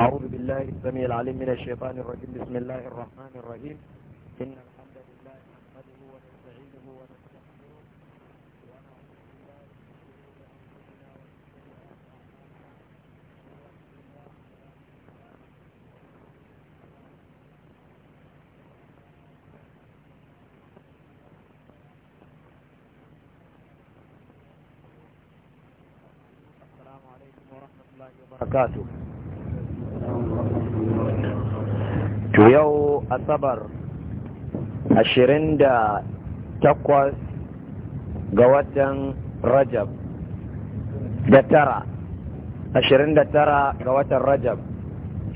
أعوذ بالله السميع العليم من الشيطان الرجيم بسم الله الرحمن الرحيم إن الحمد لله نحمده ونستعينه ونستغفره ونعوذ بالله من شرور أنفسنا السلام عليكم ورحمة الله وبركاته to yau asabar 28 ga watan rajab da tara 29 ga watan rajab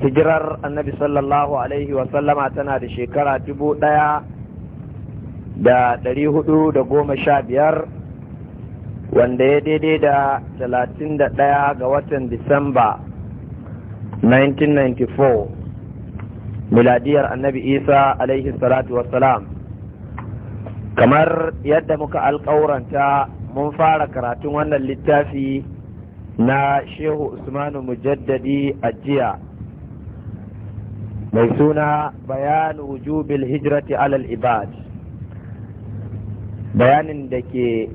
hijirar annabi sallallahu alaihi wasallama tana da shekara dubu ɗaya da ɗari hudu da goma sha biyar wanda ya daidai da talatin da ɗaya ga watan disamba 1994 miladiyar annabi isa alaihi salatu wassalam kamar yadda muka alƙauranta mun fara karatun wannan littafi na shehu usmanu mujaddadi a jiya mai suna bayan wujubil hijrati alal ibad bayanin da ke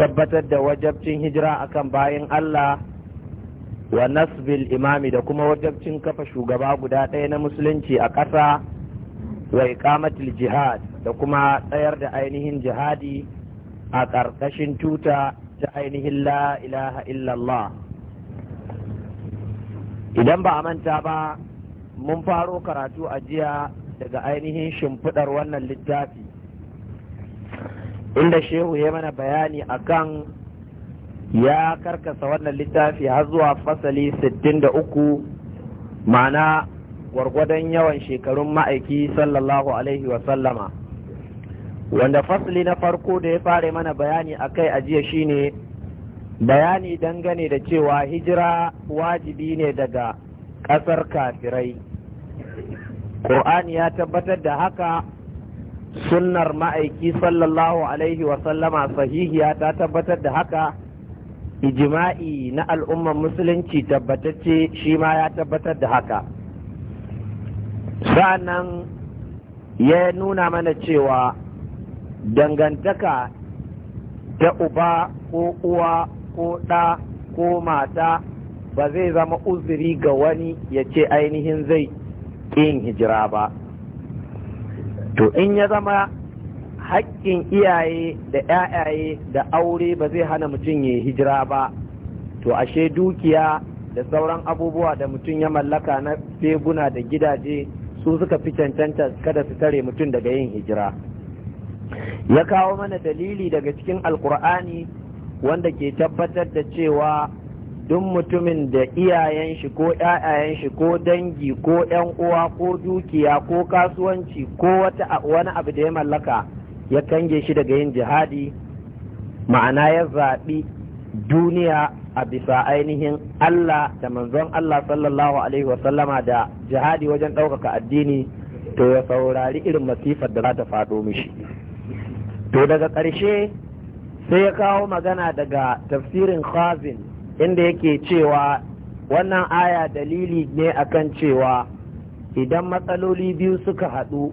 tabbatar da wajabcin hijira akan bayan allah wa nasbil imami da kuma wajabcin kafa shugaba guda ɗaya na musulunci a ƙasa wa iqamatil jihad da kuma tsayar da ainihin jihadi a ƙarƙashin tuta ta ainihin la ilaha illallah idan ba a manta ba mun faro karatu a jiya daga ainihin shimfiɗar wannan littafi inda shehu ya mana bayani akan ya karkasa wannan littafi har zuwa fasali 63 ma'ana gwargwadon yawan shekarun ma'aiki sallallahu alaihi sallama. wanda fasali na farko da ya fara mana bayani a kai a jiya shine bayani dangane da cewa hijira wajibi ne daga ƙasar kafirai ƙur'ani ya tabbatar da haka sunnar ma'aiki sallallahu alaihi sallama sahihiya ta tabbatar da haka ijima'i na al'ummar musulunci tabbatacce shi ma ya tabbatar da haka sa'annan ya nuna mana cewa dangantaka ta uba ko uwa ko ɗa ko mata ba zai zama uzuri ga wani ya ce ainihin zai yin hijira ba to in ya zama haƙƙin iyaye da ‘ya'yaye da aure ba zai hana mutum ya hijira ba to ashe dukiya da sauran abubuwa da mutum ya mallaka na teguna da gidaje su suka fi cancanta kada su tare mutum daga yin hijira ya kawo mana dalili daga cikin alkur'ani wanda ke tabbatar da cewa duk mutumin da iyayen shi ko ‘ya'yayen shi ko dangi ko ‘yan uwa ko dukiya ko kasuwanci ko wani abu da ya mallaka ya kange shi daga yin jihadi ma'ana ya zaɓi duniya a bisa ainihin Allah da manzon Allah sallallahu alaihi wasallama da jihadi wajen ɗaukaka addini to ya saurari irin masifar da za ta faɗo mishi to daga ƙarshe sai ya kawo magana daga tafsirin khazin inda yake cewa wannan aya dalili ne akan cewa idan matsaloli biyu suka haɗu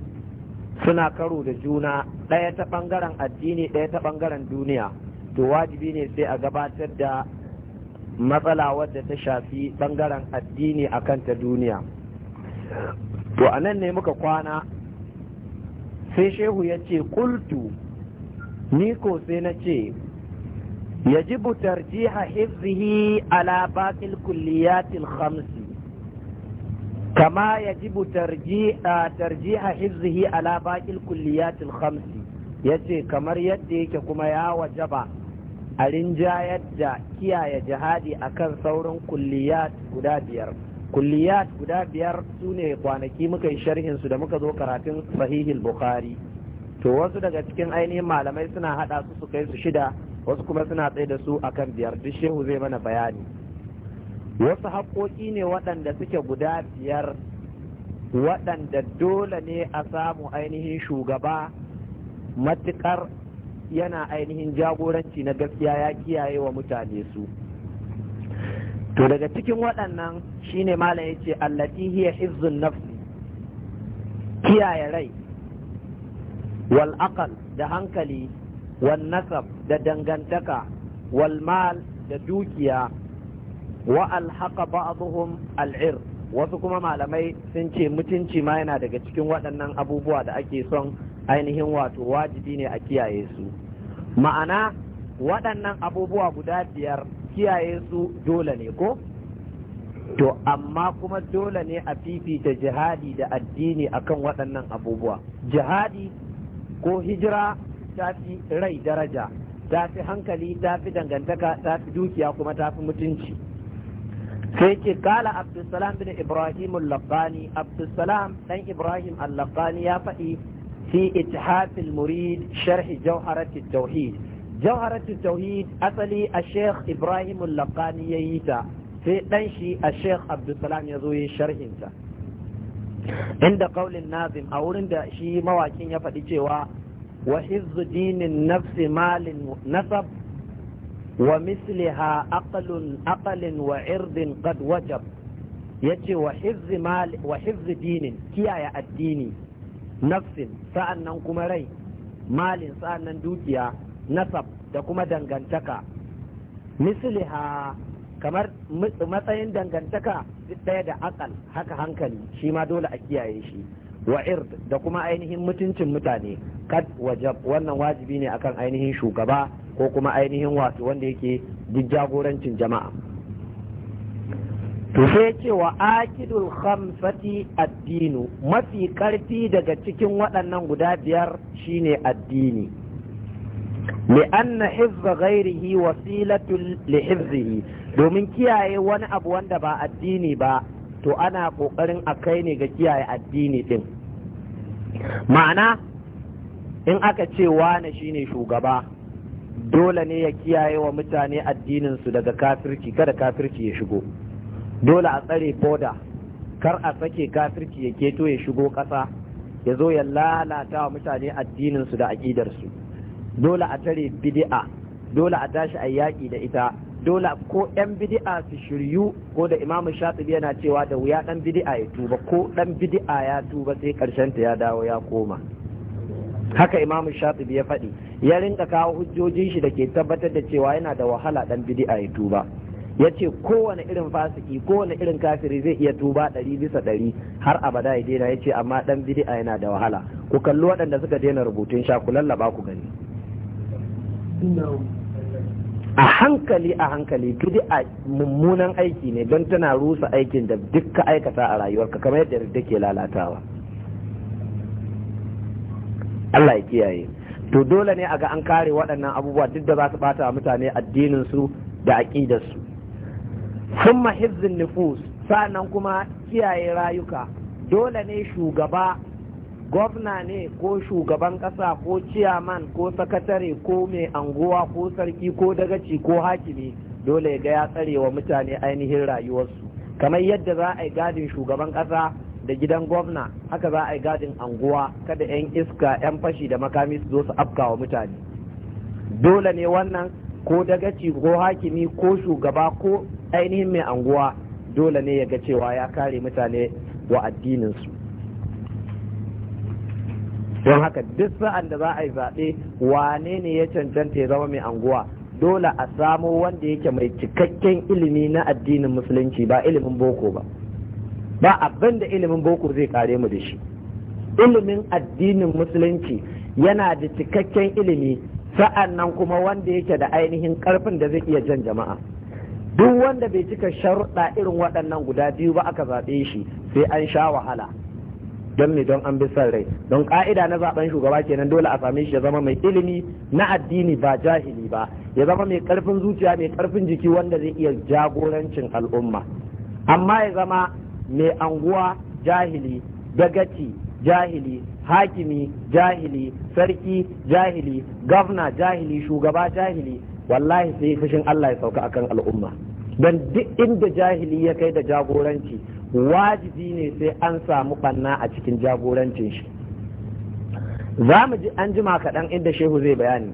suna karo da juna ɗaya ta ɓangaren addini ɗaya ta ɓangaren duniya to wajibi ne sai a gabatar da matsala wadda ta shafi ɓangaren addini a kanta duniya to a nan ne muka kwana sai shehu ya ce kultu ni ko sai na ce yajibu tarjiha hifzihi ala baƙil kulliyatil khamsi كما يجب ترجيح ترجيح حفظه على باقي الكليات الخمس yace kamar yadda yake kuma ya wajaba a rinjayar da kiyaye jihadi akan saurin kulliyat guda biyar kulliyat guda biyar su kwanaki muka yi sharhin su da muka zo karatun sahihil bukhari to wasu daga cikin ainihin malamai suna haɗa su su kai su shida wasu kuma suna tsaye da su akan biyar duk shehu zai mana bayani wasu haƙoƙi ne waɗanda suke guda biyar waɗanda dole ne a samu ainihin shugaba matuƙar yana ainihin jagoranci na gaskiya ya kiyaye wa mutane su to daga cikin waɗannan shine malam ya ce allati hiya nafsi kiyaye rai wal da hankali wal nasab da dangantaka wal mal da dukiya wa alhaqa ba'dhum al'ir wasu kuma malamai sun ce mutunci ma yana daga cikin waɗannan abubuwa da ake son ainihin wato wajibi ne a kiyaye su ma'ana waɗannan abubuwa guda biyar kiyaye su dole ne ko to amma kuma dole ne a fifita jihadi da addini akan waɗannan abubuwa jihadi ko hijira ta fi rai daraja ta fi hankali ta fi dangantaka ta fi dukiya kuma ta fi mutunci sai ce kala abdulsalam bin ibrahim al-laqani abdulsalam dan ibrahim al-laqani ya faɗi fi ithafil murid sharhi jawharat tauhid jawharat tauhid asali a sheikh ibrahim al-laqani yayi ta sai dan shi a sheikh abdulsalam ya zo yi sharhin ta inda qaulin nazim a wurin da shi mawakin ya faɗi cewa wa hizzu dinin nafsi malin nasab ومثلها أقل أقل وعرض قد وجب يتي وحفظ مال وحفظ دين كيا يا الديني نفس سأنن كمري مال dukiya دوكيا نسب دكما دنغنتكا مثلها kamar matsayin dangantaka ɗaya da akal haka hankali shi ma dole a kiyaye shi wa da kuma ainihin mutuncin mutane kad wajab wannan wajibi ne akan ainihin shugaba ko kuma ainihin wato wanda yake duk jagorancin jama'a to sai cewa akidul khamsati addinu mafi karfi daga cikin waɗannan guda biyar shine addini li'anna hizba ghairihi wasilatul lihizzihi domin kiyaye wani abu wanda ba addini ba to ana kokarin a kai ne ga kiyaye addini din ma'ana in aka ce wane shine shugaba dole ne ya kiyaye wa mutane addininsu daga kafirci kada kafirci ya shigo dole a tsare boda kar a sake kafirci ya keto ya shigo ƙasa ya zo ya lalata wa mutane addininsu da aƙidarsu dole a tare bidi'a dole a tashi a yaƙi da ita dole ko yan bidi'a su shiryu ko da imamu shatibi yana cewa da wuya ɗan bidi'a ya tuba ko ɗan bidi'a ya tuba sai ƙarshenta ya dawo ya koma haka imamu shafi ya faɗi ya rinka kawo hujjojin shi da ke tabbatar da cewa yana da wahala dan bid'a ya tuba ya ce kowane irin fasiki kowane irin kafiri zai iya tuba ɗari bisa ɗari har abada ya daina ya ce amma dan bid'a yana da wahala ku kalli waɗanda suka daina rubutun sha ku lallaba ku gani a hankali a hankali bid'a mummunan aiki ne don tana rusa aikin da dukka aikata a rayuwarka kamar yadda ke lalatawa Allah ya kiyaye to dole ne a ga an kare waɗannan abubuwa duk da za su bata mutane addinin su da aqidar su thumma hizzin nufus sannan kuma kiyaye rayuka dole ne shugaba gwamna ne ko shugaban ƙasa ko ciyaman ko sakatare ko mai anguwa ko sarki ko dagaci ko hakimi dole ya ga ya tsare wa mutane ainihin rayuwarsu kamar yadda za a yi gadin shugaban ƙasa da gidan gwamna haka za a yi gadin anguwa kada 'yan iska 'yan fashi da makami su zo su afkawa mutane dole ne wannan ko dagaci ko hakimi ko shugaba ko ainihin mai anguwa dole ne ya ga cewa ya kare mutane wa addininsu don haka duk sa'an da za a yi zaɓe wane ne ya cancanta ya zama mai anguwa dole a samo wanda yake mai cikakken ilimi na addinin musulunci ba ilimin boko ba ba abin da ilimin boko zai kare mu da shi ilimin addinin musulunci yana da cikakken ilimi sa'an nan kuma wanda yake da ainihin karfin da zai iya jan jama'a duk wanda bai cika sharuɗa irin waɗannan guda biyu ba aka zaɓe shi sai an sha wahala don me don an bi son rai don ka'ida na zaɓen shugaba kenan dole a same shi ya zama mai ilimi na addini ba jahili ba ya zama mai karfin zuciya mai karfin jiki wanda zai iya jagorancin al'umma amma ya zama mai anguwa jahili dagaci jahili hakimi jahili sarki jahili gafna jahili shugaba jahili wallahi sai fushin Allah ya sauka akan al'umma don duk inda jahili ya kai da jagoranci wajibi ne sai an samu ɓanna a cikin jagorancin shi za mu ji an jima kaɗan inda shehu zai bayani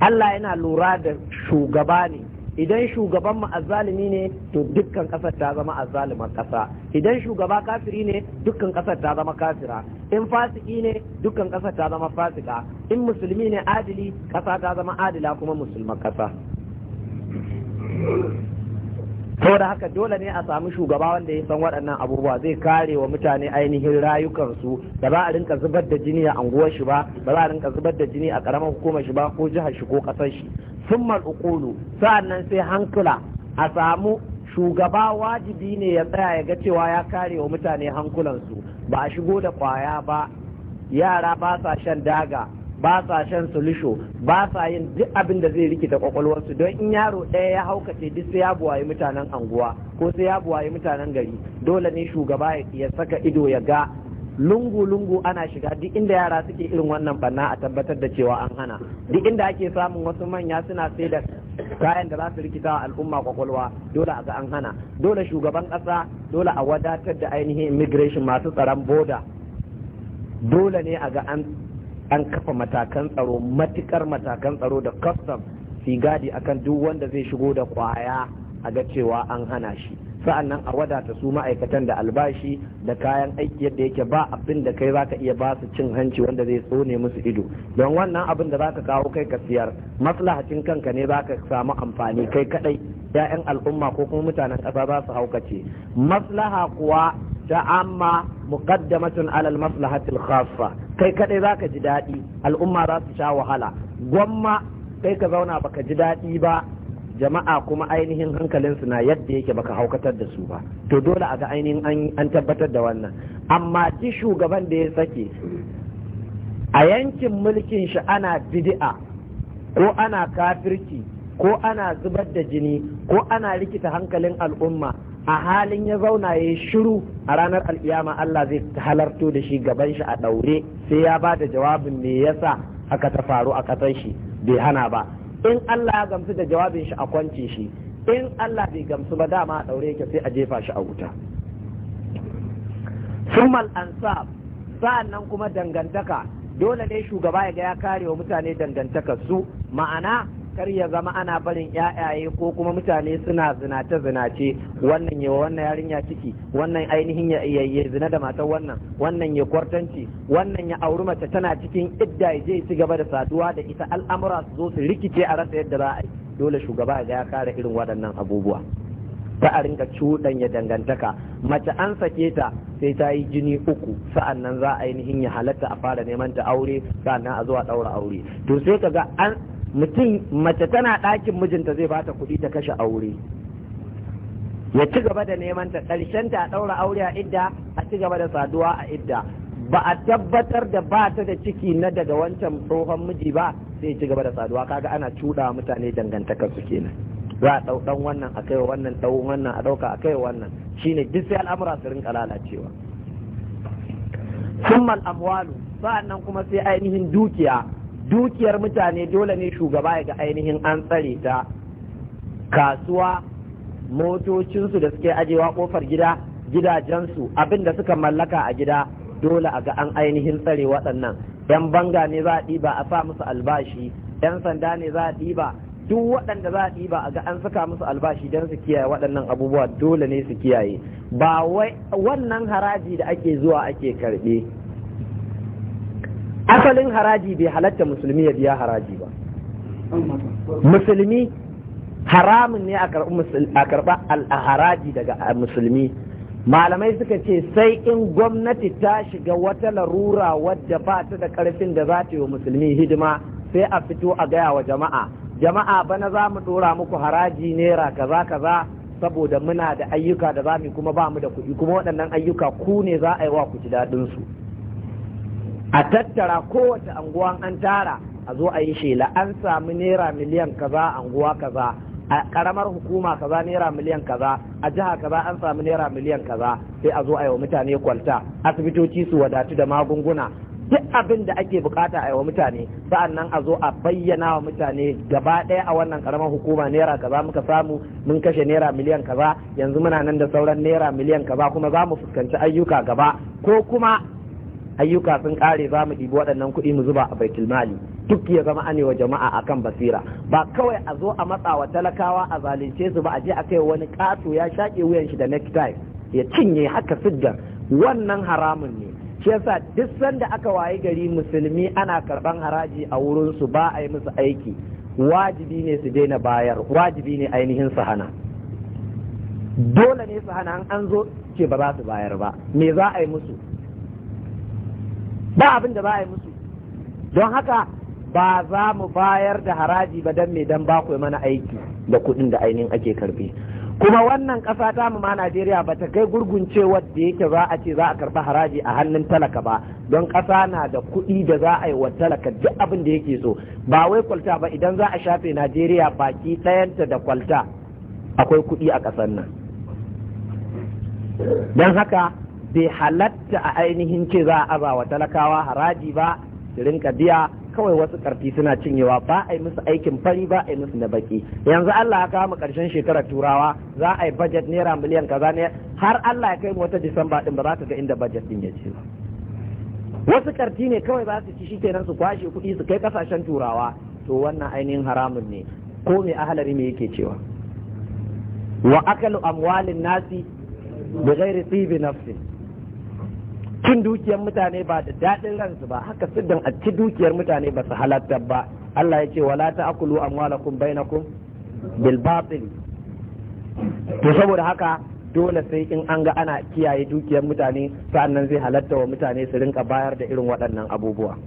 Allah yana lura da shugaba ne idan shugaban mu azzalimi ne to dukkan kasar ta zama azzalimar kasa idan shugaba kafiri ne dukkan kasar ta zama kafira in fasiki ne dukkan kasar ta zama fasika in musulmi ne adili kasa ta zama adila kuma musulman kasa da haka dole ne a samu shugaba wanda ya san waɗannan abubuwa zai kare wa mutane ainihin rayukansu da ba a rinka zubar da jini a anguwar shi ba ba za a rinka zubar da jini a karamar hukumar shi ba ko jihar shi ko ƙasar shi sun mal'ukulu nan sai hankula a samu shugaba wajibi ne ya tsaya ya ga cewa ya kare wa mutane hankulansu ba a shigo da kwaya ba yara ba sa shan daga ba sa shan sulisho ba sa yin duk abin da zai rikita kwakwalwarsu don in yaro ɗaya ya haukace duk sai ya buwaye mutanen anguwa ko sai ya buwaye mutanen gari dole ne shugaba ya saka ido ya ga lungu-lungu ana shiga duk inda yara suke irin wannan banna a tabbatar da cewa an hana duk inda ake samun wasu manya suna sai da kayan da za su rikita al'umma kwakwalwa dole a ga an hana dole shugaban ƙasa dole a wadatar da ainihin immigration masu tsaron boda dole ne a ga an an kafa matakan tsaro matukar matakan tsaro da custom fi gadi akan duk wanda zai shigo da kwaya a ga cewa an hana shi sa'annan a wadata su ma'aikatan da albashi da kayan aiki yadda yake ba abin da kai zaka iya ba su cin hanci wanda zai tsone musu ido don wannan abin da zaka kawo kai ka siyar maslahacin kanka ne zaka samu amfani kai kadai ya'yan al'umma ko kuma mutanen kasa za su haukace maslaha kuwa ta amma muqaddamatun alal maslahatil khaffa kai kadai zaka ji daɗi al'umma za su sha wahala gwamma kai ka zauna baka ji daɗi ba jama'a kuma ainihin hankalinsu na yadda yake baka haukatar da su ba to dole a ga ainihin an tabbatar da wannan amma ji shugaban da ya sake a yankin mulkin shi ana bid'a ko ana kafirci ko ana zubar da jini ko ana rikita hankalin al'umma a halin ya zauna ya shiru a ranar alkiyama Allah zai halarto da shi gaban shi a ɗaure sai ya ba da jawabin me yasa aka ta faru a kasan shi bai hana ba in Allah ya gamsu da jawabin shi a kwance shi in Allah bai gamsu ba dama a daure yake sai a jefa shi a wuta sumal ansab nan kuma dangantaka dole ne shugaba ya ga ya kare wa mutane dangantakar su ma'ana kar ya zama ana barin yayaye ko kuma mutane suna zinace zinace wannan ya wannan yarinya ciki wannan ainihin ya yayye zina da matar wannan wannan ya kwartanci wannan ya auri mace tana cikin idda ya je ci gaba da saduwa da ita al'amura su zo su rikice a rasa yadda za a yi dole shugaba ga ya kare irin waɗannan abubuwa ta a rinka cuɗanya dangantaka mace an sake ta sai ta yi jini uku sa'annan za a ainihin ya halatta a fara neman ta aure sa'annan a zuwa ɗaura aure to sai ka ga an mutum mace tana ɗakin mijinta zai bata kuɗi ta kashe aure ya ci gaba da neman ta ƙarshen ta ɗaura aure a idda a ci gaba da saduwa a idda ba a tabbatar da ba ta da ciki na daga wancan tsohon miji ba sai ci gaba da saduwa kaga ana cuɗa mutane dangantakar su kenan za a ɗau ɗan wannan a kaiwa wannan ɗau wannan a ɗauka a kaiwa wannan shine duk sai al'amura su rinka lalacewa summal amwalu sa'annan kuma sai ainihin dukiya dukiyar mutane dole ne shugaba ya ga ainihin an tsare ta kasuwa motocinsu da suke ajewa kofar gida gidajensu abinda suka mallaka a gida dole a ga an ainihin tsare waɗannan 'yan banga ne za a ɗiba a sa musu albashi 'yan sanda ne za a ɗiba duk waɗanda za a ɗiba a ga an saka musu albashi don su kiyaye waɗannan abubuwa dole ne su kiyaye ba wannan haraji da ake zuwa ake karɓe asalin haraji bai halatta musulmi ya biya haraji ba musulmi haramun ne a karɓar haraji daga musulmi malamai suka ce sai in gwamnati ta shiga wata larura wadda ba ta da ƙarfin da za ta yi wa musulmi hidima sai a fito a gaya wa jama'a jama'a bana za mu ɗora muku haraji naira kaza kaza saboda muna da ayyuka da za mu kuma ba mu da kuɗi kuma waɗannan ayyuka ku ne za a yi wa ku ji daɗinsu a tattara kowace anguwa an tara a zo a yi shela an sami naira miliyan kaza anguwa kaza a karamar hukuma kaza naira miliyan kaza a jiha kaza an sami naira miliyan kaza sai a zo a yi wa mutane kwalta asibitoci su wadatu da magunguna duk abin da ake bukata a yi wa mutane sa'annan a zo a bayyana wa mutane gaba ɗaya a wannan karamar hukuma naira kaza muka samu mun kashe naira miliyan kaza yanzu muna nan da sauran naira miliyan kaza kuma za mu fuskanci ayyuka gaba ko kuma ayyuka sun kare za mu ɗibi waɗannan kuɗi mu zuba a baitul mali duk ya zama ane wa jama'a akan basira ba kawai a zo a matsa wa talakawa a zalunce su ba a je a kai wani ƙato ya shaƙe wuyan shi da necktie ya cinye haka siddan wannan haramun ne shi yasa duk sanda aka wayi gari musulmi ana karɓan haraji a wurin su ba a yi musu aiki wajibi ne su daina bayar wajibi ne ainihin su hana dole ne su hana an zo ce ba za su bayar ba me za a yi musu ba abin da ba a yi musu don haka ba za mu bayar da haraji ba don mai don bakwai mana aiki da kuɗin da ainihin ake karbi kuma wannan kasa ta mu ma Najeriya ba ta kai gurguncewar da yake za a ce za a karbi haraji a hannun talaka ba don kasa na da kuɗi da za a yi wa talaka duk abin da yake so ba wai kwalta ba idan za a shafe Najeriya baki ɗayanta da kwalta akwai kuɗi a ƙasar nan don haka bai halatta a ainihin ce za a aza wa talakawa haraji ba su rinka biya kawai wasu karfi suna cinyewa ba a yi musu aikin fari ba a yi musu na baki yanzu Allah ya kawo mu karshen shekarar turawa za a yi budget naira miliyan kaza ne har Allah ya kai mu wata Disamba din ba za ka ga inda budget din ya ce wasu karfi ne kawai za su ci kenan su kwashe kuɗi su kai kasashen turawa to wannan ainihin haramun ne ko me ahalari me yake cewa wa akalu amwalin nasi bi ghairi tibi nafsin cin dukiyar mutane ba da daɗin ransu ba haka sudan a ci dukiyar mutane ba su halatta ba Allah ya ce wala akulu amwalakum bainakum bil batil to saboda haka dole sai in an ga ana kiyaye dukiyar mutane sa'annan zai halatta wa mutane su rinka bayar da irin waɗannan abubuwa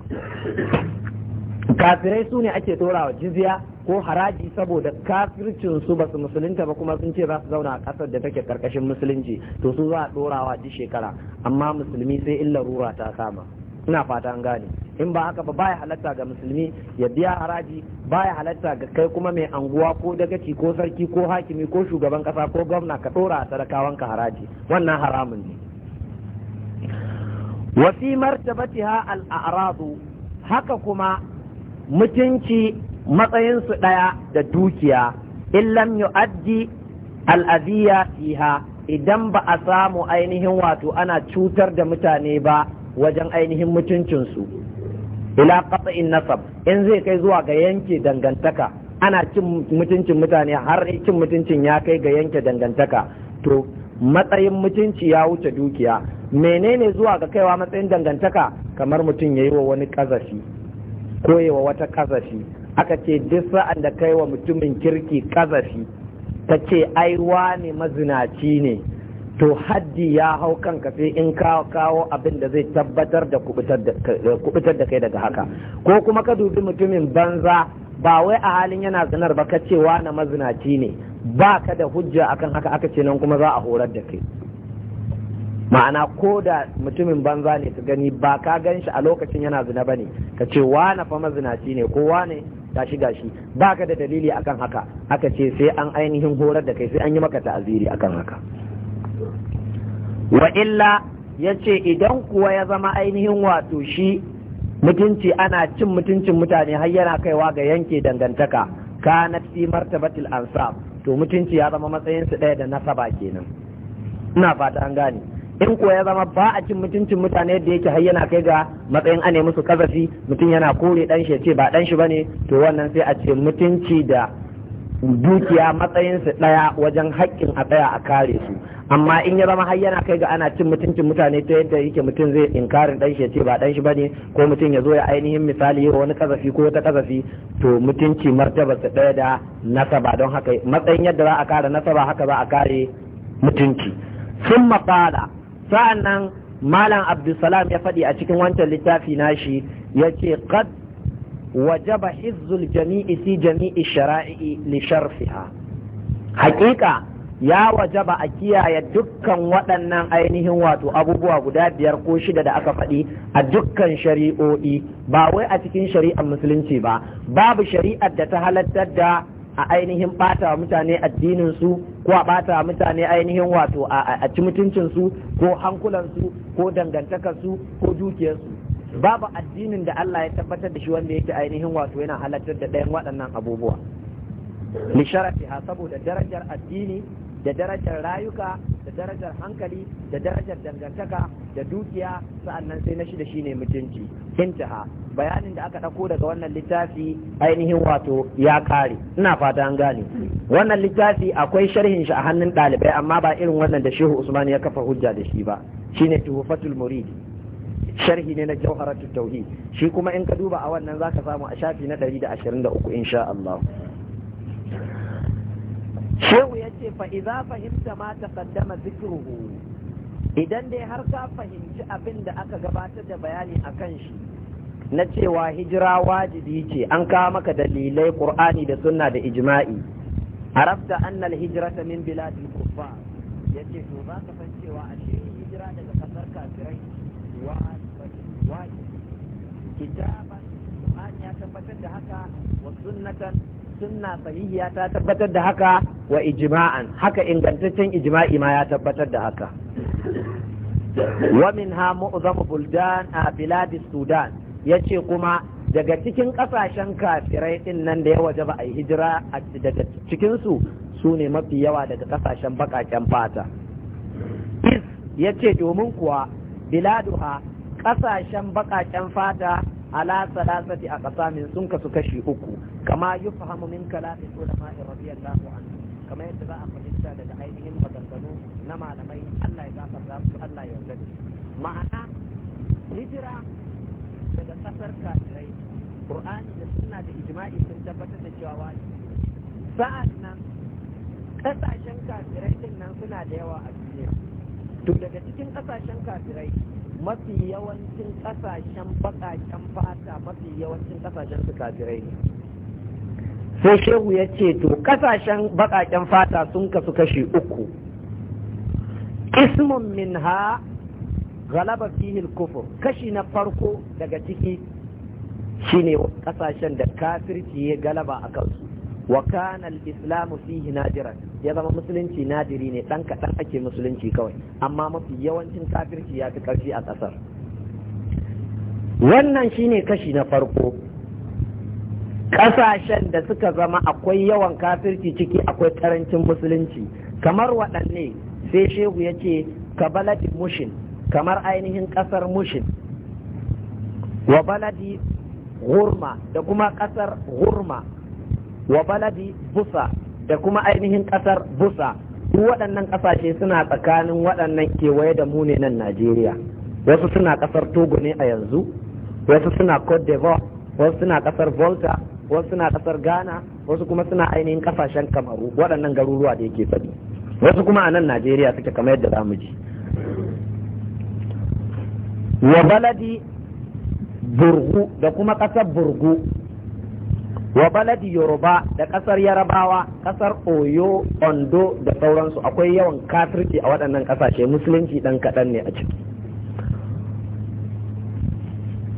kafirai su ne ake wa jizya ko haraji saboda kafircin su basu musulunta ba kuma sun ce za su zauna a kasar da take karkashin musulunci to su za a dorawa duk shekara amma musulmi sai illa rura ta kama ina fata an gane in ba haka ba baya halatta ga musulmi ya biya haraji baya halatta ga kai kuma mai anguwa ko dagaci ko sarki ko hakimi ko shugaban kasa ko gwamna ka dora a ka haraji wannan haramun ne wasi martabatiha al-a'radu haka kuma mutunci matsayinsu ɗaya da dukiya illam yu'addi al'adiyya fiha idan ba a samu ainihin wato ana cutar da mutane ba wajen ainihin mutuncinsu ila in nasab in zai kai zuwa ga yanke dangantaka ana cin mutuncin mutane har cin mutuncin ya kai ga yanke dangantaka to matsayin mutunci ya wuce dukiya menene zuwa ga kaiwa matsayin dangantaka kamar mutum ya yi wa wani kazafi ko yi wa wata kazafi aka ce duk sa'an da kai wa mutumin kirki kazafi ta ce ai ne mazinaci ne to haddi ya hau kanka sai in kawo kawo abin da zai tabbatar da eh, kubutar da kai daga haka ko kuma ka dubi mutumin banza ba wai a halin yana zinar ba ka ce na mazinaci ne ba ka da hujja akan haka aka ce nan kuma za a horar da kai ma'ana ko da mutumin banza ne ka gani ba ka gan shi a lokacin yana zina ba ne ka ce wane fa mazinaci ne ko wane gashi gashi baka da dalili akan haka aka ce sai an ainihin horar da kai sai an yi maka ta'aziri akan haka wa illa yace idan kuwa ya zama ainihin wato shi mutunci ana cin mutuncin mutane har yana kaiwa ga yanke dangantaka na fi martabatil ansab to mutunci ya zama matsayin su ɗaya da nasaba kenan ina fata an gane in ko ya zama ba a cin mutuncin mutane da yake har yana kai ga matsayin ane musu kazafi mutum yana kore dan shi ce ba dan shi bane to wannan sai a ce mutunci da dukiya matsayin su daya wajen haƙƙin a tsaya a kare su amma in ya zama har yana kai ga ana cin mutuncin mutane ta yadda yake mutum zai inkarin dan shi ce ba dan shi bane ko mutum ya zo ya ainihin misali yau wani kazafi ko wata kazafi to mutunci martaba su ɗaya da nasaba don haka matsayin yadda za a kare nasaba haka za a kare mutunci sun قال sa'an nan malam abdulsalam ya faɗi a cikin wancan littafi nashi ya ce qad wajaba hizzul jami'i fi jami'i shara'i li sharfiha haƙiƙa ya wajaba a kiyaye dukkan waɗannan ainihin wato abubuwa guda biyar ko shida da aka faɗi a dukkan shari'o'i ba wai a cikin shari'ar musulunci ba babu shari'ar da ta halartar da a ainihin bata wa mutane addinin su ko a bata wa mutane ainihin wato a ci mutuncin su ko hankulan su ko dangantakar su ko dukiyar su babu addinin da Allah ya tabbatar da shi wanda yake ainihin wato yana halartar da ɗayan waɗannan abubuwa li sharafiha saboda darajar addini da darajar rayuka da darajar hankali da darajar dangantaka da dukiya sa'annan sai na shi shida shine mutunci intaha bayanin da aka ɗauko daga wannan littafi ainihin wato ya kare ina fata an gane wannan littafi akwai sharhin shi a hannun ɗalibai amma ba irin wannan da shehu usman ya kafa hujja da shi ba shine tuhfatul murid sharhi ne na jawharatul tauhid shi kuma in ka duba a wannan zaka samu a shafi na 123 insha Allah shehu yace fa idza fahimta ma taqaddama zikruhu idan dai har ka fahimci abin da aka gabatar da bayani akan shi na cewa hijira wajibi ce an kawo maka dalilai qur'ani da sunna da ijma'i arafta annal al-hijrata min bilad al yace to za ka san cewa ashe hijira daga kasar kafirai wajibi kitaban qur'ani ya tabbatar da haka wa sunnatan sunna sahihiya ta tabbatar da haka wa ijma'an haka ingantaccen ijma'i ma ya tabbatar da haka wa minha mu'zamu buldan a bilad sudan ya ce kuma daga cikin ƙasashen kafirai ɗin nan da ya waje ba a yi hijira daga cikinsu su ne mafi yawa daga ƙasashen baƙaƙen fata ya ce domin kuwa biladuha kasashen baƙaƙen fata ala salasati a ƙasa min sun kasu kashi uku kama yi fahimu min kalamin ulama radiyallahu anhu kamar yadda za a fahimta daga ainihin maganganu na malamai Allah ya za su Allah ya yarda ma'ana hijira kasar kafirai qur'ani da suna da ijma'i sun tabbatar da cewa wani sa'an nan kasashen kafirai din nan suna da yawa a duniya to daga cikin kasashen kafirai mafi yawancin kasashen bakaken fata mafi yawancin kasashen su kafirai ne sai shehu ya ce to kasashen bakaken fata sun kasu kashi uku ismun minha galaba fihil kufur kashi na farko daga ciki shine kasashen da kafirci ya galaba a kansu wa kana al islam fihi nadiran ya zama musulunci nadiri ne dan kadan ake musulunci kawai amma mafi yawancin kafirci ya fi karfi a kasar wannan shine kashi na farko kasashen da suka zama akwai yawan kafirci ciki akwai karancin musulunci kamar waɗanne sai shehu ya ce kabalati mushin kamar ainihin ƙasar mushin wa baladi gurma da kuma ƙasar gurma wa baladi busa da kuma ainihin ƙasar busa duk waɗannan ƙasashe suna tsakanin waɗannan kewaye da mu ne nan najeriya wasu suna ƙasar togo ne a yanzu wasu suna cote d'ivoire wasu suna ƙasar volta wasu suna ƙasar ghana wasu kuma suna ainihin ƙasashen kamaru waɗannan garuruwa da yake faɗi wasu kuma a nan najeriya suke kamar yadda za mu ji wa baladi burgu da kuma ƙasar burgu wa baladi yoruba da ƙasar yarabawa ƙasar oyo ondo da sauransu akwai yawan kafirci a waɗannan ƙasashe musulunci ɗan kaɗan ne a ciki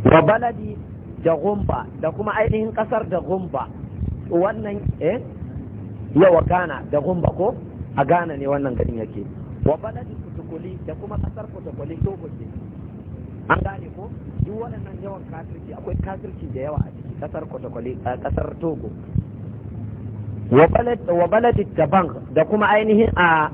wa baladi da gumba da kuma ainihin ƙasar da gumba wannan eh yawa ghana da gumba ko a ghana ne wannan garin yake wa baladi kutukuli da kuma ƙasar kutukuli togo ce an gane ko duk waɗannan yawan kafirci akwai kafirci da yawa a ciki kasar kwatakwale kasar togo wa baladi bank da kuma ainihin a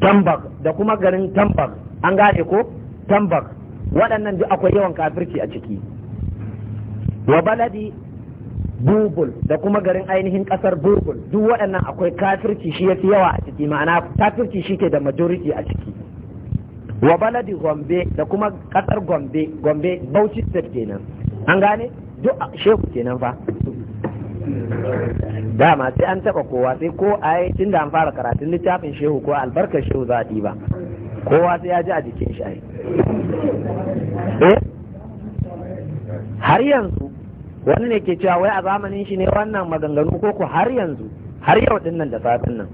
tambak da kuma garin tambak an gane ko tambak waɗannan duk akwai yawan kafirci a ciki wa baladi bubul da kuma garin ainihin kasar bubul duk waɗannan akwai kafirci shi ya fi yawa a ciki ma'ana kafirci shi ke da majority a ciki wa baladi gombe da kuma kasar gombe gombe bauchi state kenan an gane duk shehu kenan fa dama sai an taba kowa sai ko ai tun da an fara karatun littafin shehu ko albarka shehu za a ba kowa sai ya ji a jikin shi ai eh? har yanzu wani ne ke cewa wai a zamanin shi ne wannan maganganu ko ku har yanzu har yau din da satin nan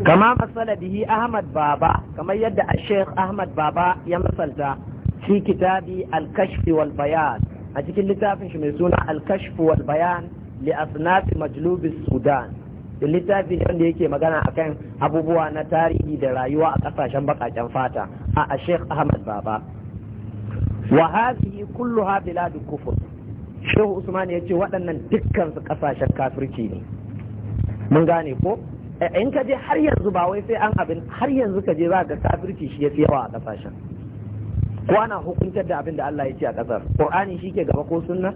kama masala bihi ahmad baba kamar yadda sheikh ahmad baba ya masalta shi kitabi al-kashf a cikin littafin shi mai suna al-kashf wal bayan li asnaf majlub sudan littafi ne wanda yake magana akan abubuwa na tarihi da rayuwa a kasashen bakaken fata a sheikh ahmad baba wa hadhihi kulluha kufur shehu usman yace waɗannan dukkan su kasashen kafirci ne mun gane ko Eh, in ka je har yanzu ba wai sai an abin har yanzu ka je za ga kafirci shi ya fi yawa a kasashen ko ana hukuntar da abin da Allah ya ce a kasar qur'ani shi ke gaba ko sunna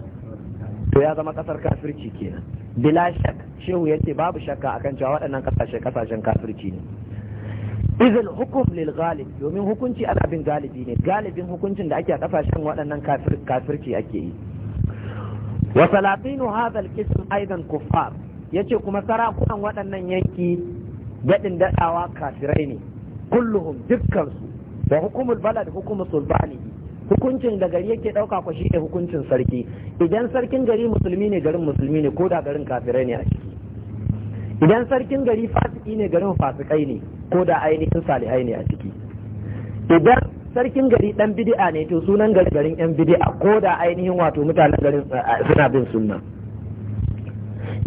to ya zama kasar kafirci kenan bila shak shehu yace babu shakka akan cewa waɗannan kasashe kasashen kafirci ne izin hukum lil ghalib domin hukunci ana bin galibi ne galibin hukuncin da ake a kasashen waɗannan kafirci ake yi wa salatinu hadha al-qism aidan kuffar ya ce kuma sarakunan waɗannan yanki daɗin daɗawa kafirai ne kulluhum dukkansu da hukumul balad hukumul sulbani hukuncin da gari yake ɗauka ku shi ne hukuncin sarki idan sarkin gari musulmi ne garin musulmi ne ko da garin kafirai ne a ciki idan sarkin gari fasiki ne garin fasikai ne ko da ainihin salihai ne a ciki idan sarkin gari ɗan bidi'a ne to sunan garin yan bidi'a ko da ainihin wato mutanen garin eh, suna bin sunna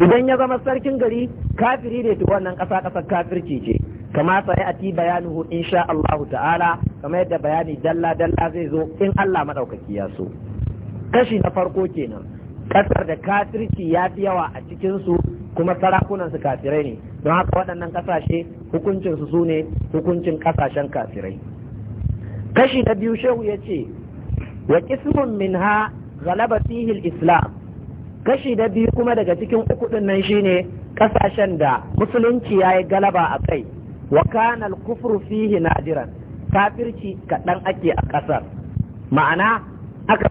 idan ya zama sarkin gari kafiri ne to wannan ƙasa ƙasar kafirci ce kama sai a ti bayanuhu insha Allah ta'ala kamar yadda bayani dalla dalla zai zo in Allah madaukaki ya so kashi na farko kenan ƙasar da kafirci ya fi yawa a cikin su kuma sarakunan su kafirai ne don haka waɗannan kasashe hukuncin su su ne hukuncin kasashen kafirai kashi na biyu shehu ya ce wa kismun minha galaba fihi islam kashi da biyu kuma daga cikin uku din nan shine kasashen da musulunci ya yi galaba a kai wa kana al-kufru fihi nadiran kafirci kaɗan ake a ƙasar ma'ana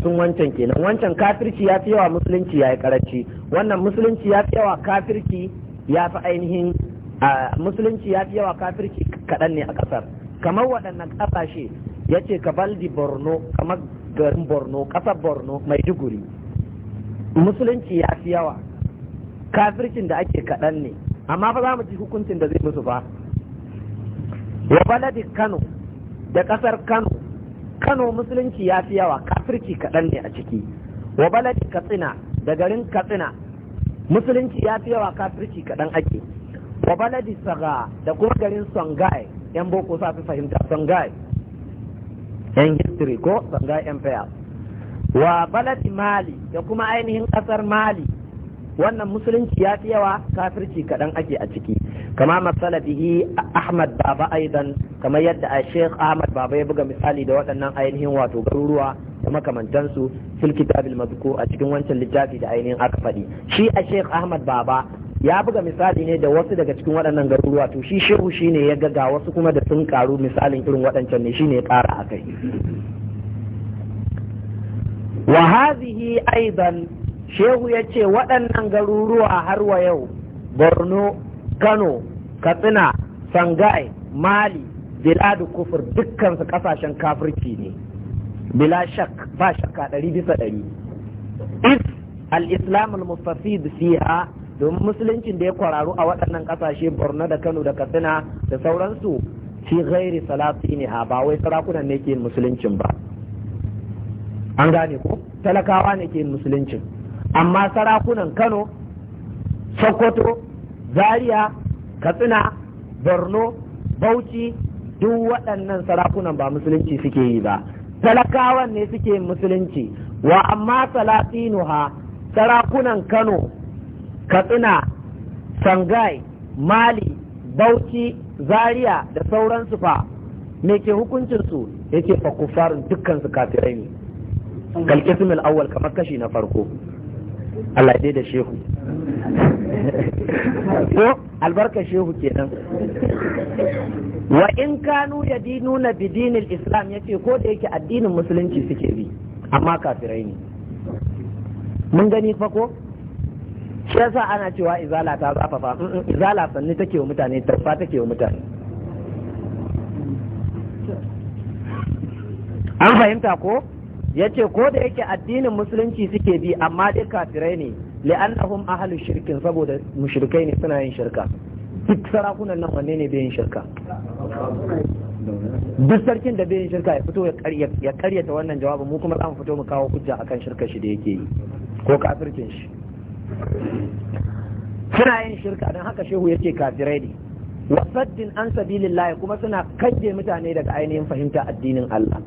sun wancan kenan wancan kafirci ya fi yawa musulunci ya yi karanci wannan musulunci ya fi yawa kafirci ya fi ainihin musulunci ya fi yawa kafirci kaɗan ne a ƙasar kamar waɗannan ƙasashe ya ce ka baldi borno kamar garin borno ƙasar borno mai duguri musulunci ya fi yawa kafircin da ake kaɗan ne amma fa za mu ji hukuncin da zai musu ba wa baladi kano da ƙasar kano kano musulunci ya fi yawa kafirci kaɗan ne a ciki wa baladi katsina da garin katsina musulunci ya fi yawa kafirci kaɗan ake wa baladi saga da kuma garin songai yan boko sa fi fahimta songai yan history ko songai empire wa baladi mali da kuma ainihin kasar mali wannan musulunci ya fi yawa kafirci kaɗan ake a ciki kama matsala bihi ahmad baba aidan kamar yadda a sheikh ahmad baba ya buga misali da waɗannan ainihin wato garuruwa da makamantansu fil kitabil mazkur a cikin wancan littafi da ainihin aka faɗi shi a sheikh ahmad baba ya buga misali ne da wasu daga cikin waɗannan garuruwa to shi shehu shine ya ga wasu kuma da sun karu misalin irin waɗancan ne shine ya a kai. wa hazihi aidan shehu ya ce waɗannan garuruwa har wa yau borno kano katsina sangai mali biladu kufur dukkansu kasashen kafirci ne bila shak ba shakka ɗari bisa ɗari if al-islam al-mustafid fiha domin musuluncin da ya kwararu a waɗannan ƙasashe borno da kano da katsina da sauransu fi ghairi salati ne ha ba wai sarakunan ne ke musuluncin ba an gane ko talakawa ne ke musuluncin amma sarakunan kano sokoto zaria katsina borno bauchi duk waɗannan sarakunan ba musulunci suke yi ba talakawan ne suke musulunci wa amma Salatinu ha, sarakunan kano katsina sangai mali bauchi zaria da sauransu fa me ke hukuncinsu yake fa kufarin dukkan su kafirai ne kal qism kamar kashi na farko Allah ya da shehu ko albarka shehu kenan wa in kanu na bidinil islam yace ko da yake addinin musulunci suke bi amma kafirai ne mun gani fa ko shi yasa ana cewa izala ta zafafa izala sanni take wa mutane tarfa take wa mutane an fahimta ko ya ce ko da yake addinin musulunci suke bi amma dai kafirai ne li'annahum ahlus shirkin saboda mushrikai ne suna yin shirka duk sarakunan nan wanne ne bai yin shirka duk sarkin da bai yin shirka ya fito ya karyata wannan jawabin mu kuma za mu fito mu kawo hujja akan shirka shi da yake yi ko kafircin shi suna yin shirka don haka shehu yake kafirai ne wasaddin an sabilillahi kuma suna kaje mutane daga ainihin fahimta addinin Allah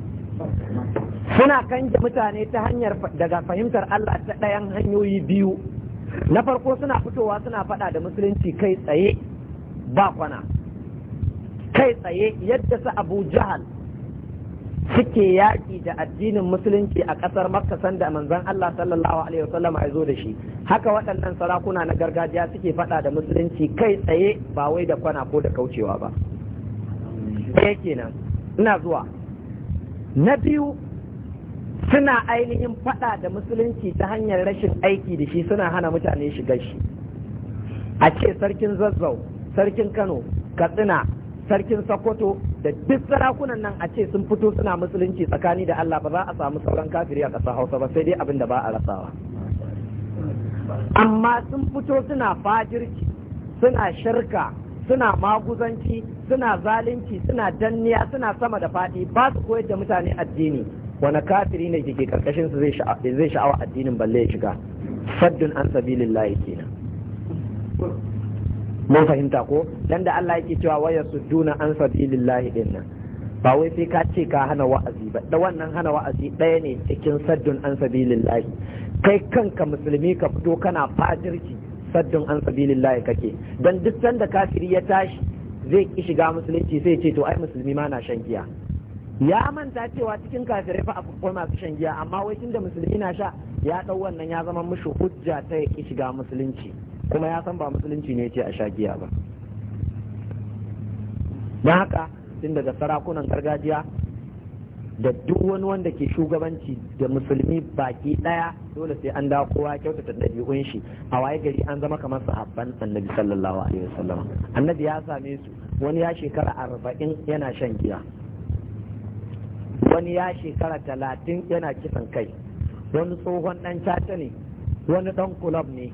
suna kanje mutane ta hanyar daga fahimtar Allah ta ɗayan hanyoyi biyu na farko suna fitowa suna faɗa da musulunci kai tsaye ba kwana kai tsaye yadda su abu jahal suke yaƙi da addinin musulunci a ƙasar makka sanda manzon Allah sallallahu alaihi wasallam ya zo da shi haka waɗannan sarakuna na gargajiya suke faɗa da musulunci kai tsaye ba wai da kwana ko da kaucewa ba kenan ina zuwa na biyu suna ainihin faɗa da musulunci ta hanyar rashin aiki da shi suna hana mutane shiga shi a ce sarkin zazzau sarkin kano katsina sarkin sokoto da duk sarakunan nan a ce sun fito suna musulunci tsakani da allah ba za a samu sauran kafiri a ƙasar hausa ba sai dai abin da ba a rasawa amma sun fito suna fajirci suna shirka suna maguzanci suna zalunci suna danniya suna sama da faɗi ba su koyar da mutane addini wani kafiri ne ke karkashin su zai sha'awa addinin balle ya shiga faddun an sabilillahi kenan mun fahimta ko dan da Allah yake cewa su duna an sabilillahi din nan ba wai sai ka ce ka hana wa'azi ba da wannan hana wa'azi ɗaya ne cikin saddun an sabilillahi kai kanka musulmi ka fito kana fadirci saddun an sabilillahi kake dan duk sanda kafiri ya tashi zai ki shiga musulunci sai ce to ai musulmi ma na shan giya ya manta cewa cikin kafirai fa akwai masu shan giya amma wai da musulmi na sha ya dau wannan ya zama mushi hujja ta ya ki shiga musulunci kuma ya san ba musulunci ne ce a sha giya ba don haka tun daga sarakunan gargajiya da duk wani wanda ke shugabanci da musulmi baki daya dole sai an dawo kowa kyautata ɗabi'un shi a waye gari an zama kamar sahabban annabi sallallahu alaihi wasallam annabi ya same su wani ya shekara arba'in yana shan giya wani ya shekara talatin yana kisan kai wani tsohon dan caca ne wani dan kulab ne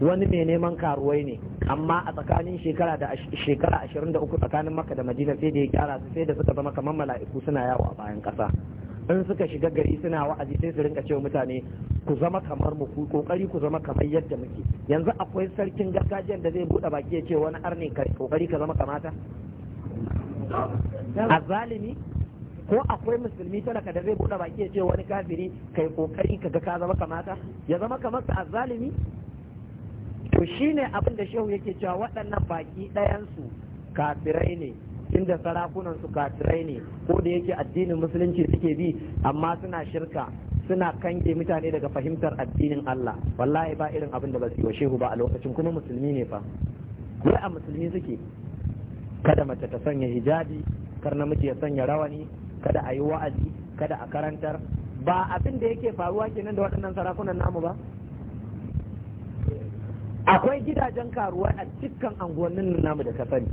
wani mai neman karuwai ne amma a tsakanin shekara da shekara ashirin da uku tsakanin maka da madina sai da ya gyara su sai da suka zama kamar mala'iku suna yawo a bayan ƙasa in suka shiga gari suna wa'azi sai su rinka cewa mutane ku zama kamar mu ku kokari ku zama kamar yadda muke yanzu akwai sarkin gargajiyan da zai bude baki ya ce wani arne kokari ka zama kamata a zalimi ko akwai musulmi talaka da zai buɗe baki ya ce wani kafiri kai kokari kaga ka zama kamata ya zama kamar ka azzalimi to shine abin da shehu yake cewa waɗannan baki ɗayansu kafirai ne inda sarakunan su kafirai ne ko da yake addinin musulunci suke bi amma suna shirka suna kange mutane daga fahimtar addinin Allah wallahi ba irin abin da ba su shehu ba a lokacin kuma musulmi ne fa wai a musulmi suke kada mace ta sanya hijabi kar namiji ya sanya rawani kada a yi wa'azi kada a karantar ba abin da yake faruwa kenan da waɗannan sarakunan namu ba akwai gidajen karuwa a cikin anguwannin namu da ka sani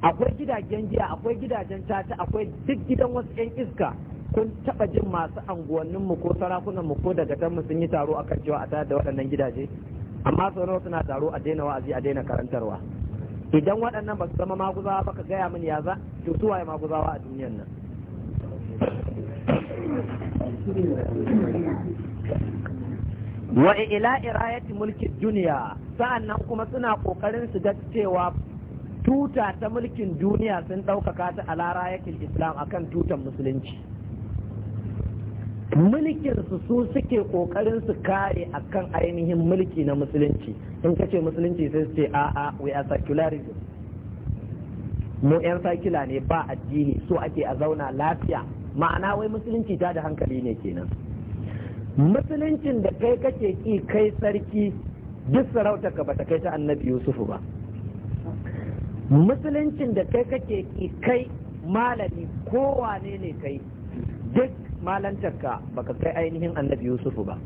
akwai gidajen giya akwai gidajen tata akwai duk gidan wasu 'yan iska kun taba jin masu anguwannin mu ko sarakunan mu ko daga mu sun yi taro a kan cewa a tare da waɗannan gidaje amma sau nawa suna taro a daina wa'azi a daina karantarwa idan waɗannan ba su zama maguzawa ba ka gaya mini ya za to suwaye maguzawa a duniyan nan wa ila irayati mulkin duniya sa'annan kuma suna kokarin su ga cewa tuta ta mulkin duniya sun ɗaukaka ta a larayakin islam akan tutan musulunci mulkin su su suke kokarin su kare akan ainihin mulki na musulunci in ka ce musulunci sai su ce a'a we are secularism mu yan sakila ne ba addini so ake a zauna lafiya ma'ana wai musulunci ta da hankali ne kenan musuluncin da kai kake ki kai sarki duk sarauta ka bata kai ta annabi yusufu ba musuluncin da kai kake ki kai malami kowane ne kai duk malantarka baka kai ainihin annabi yusufu ba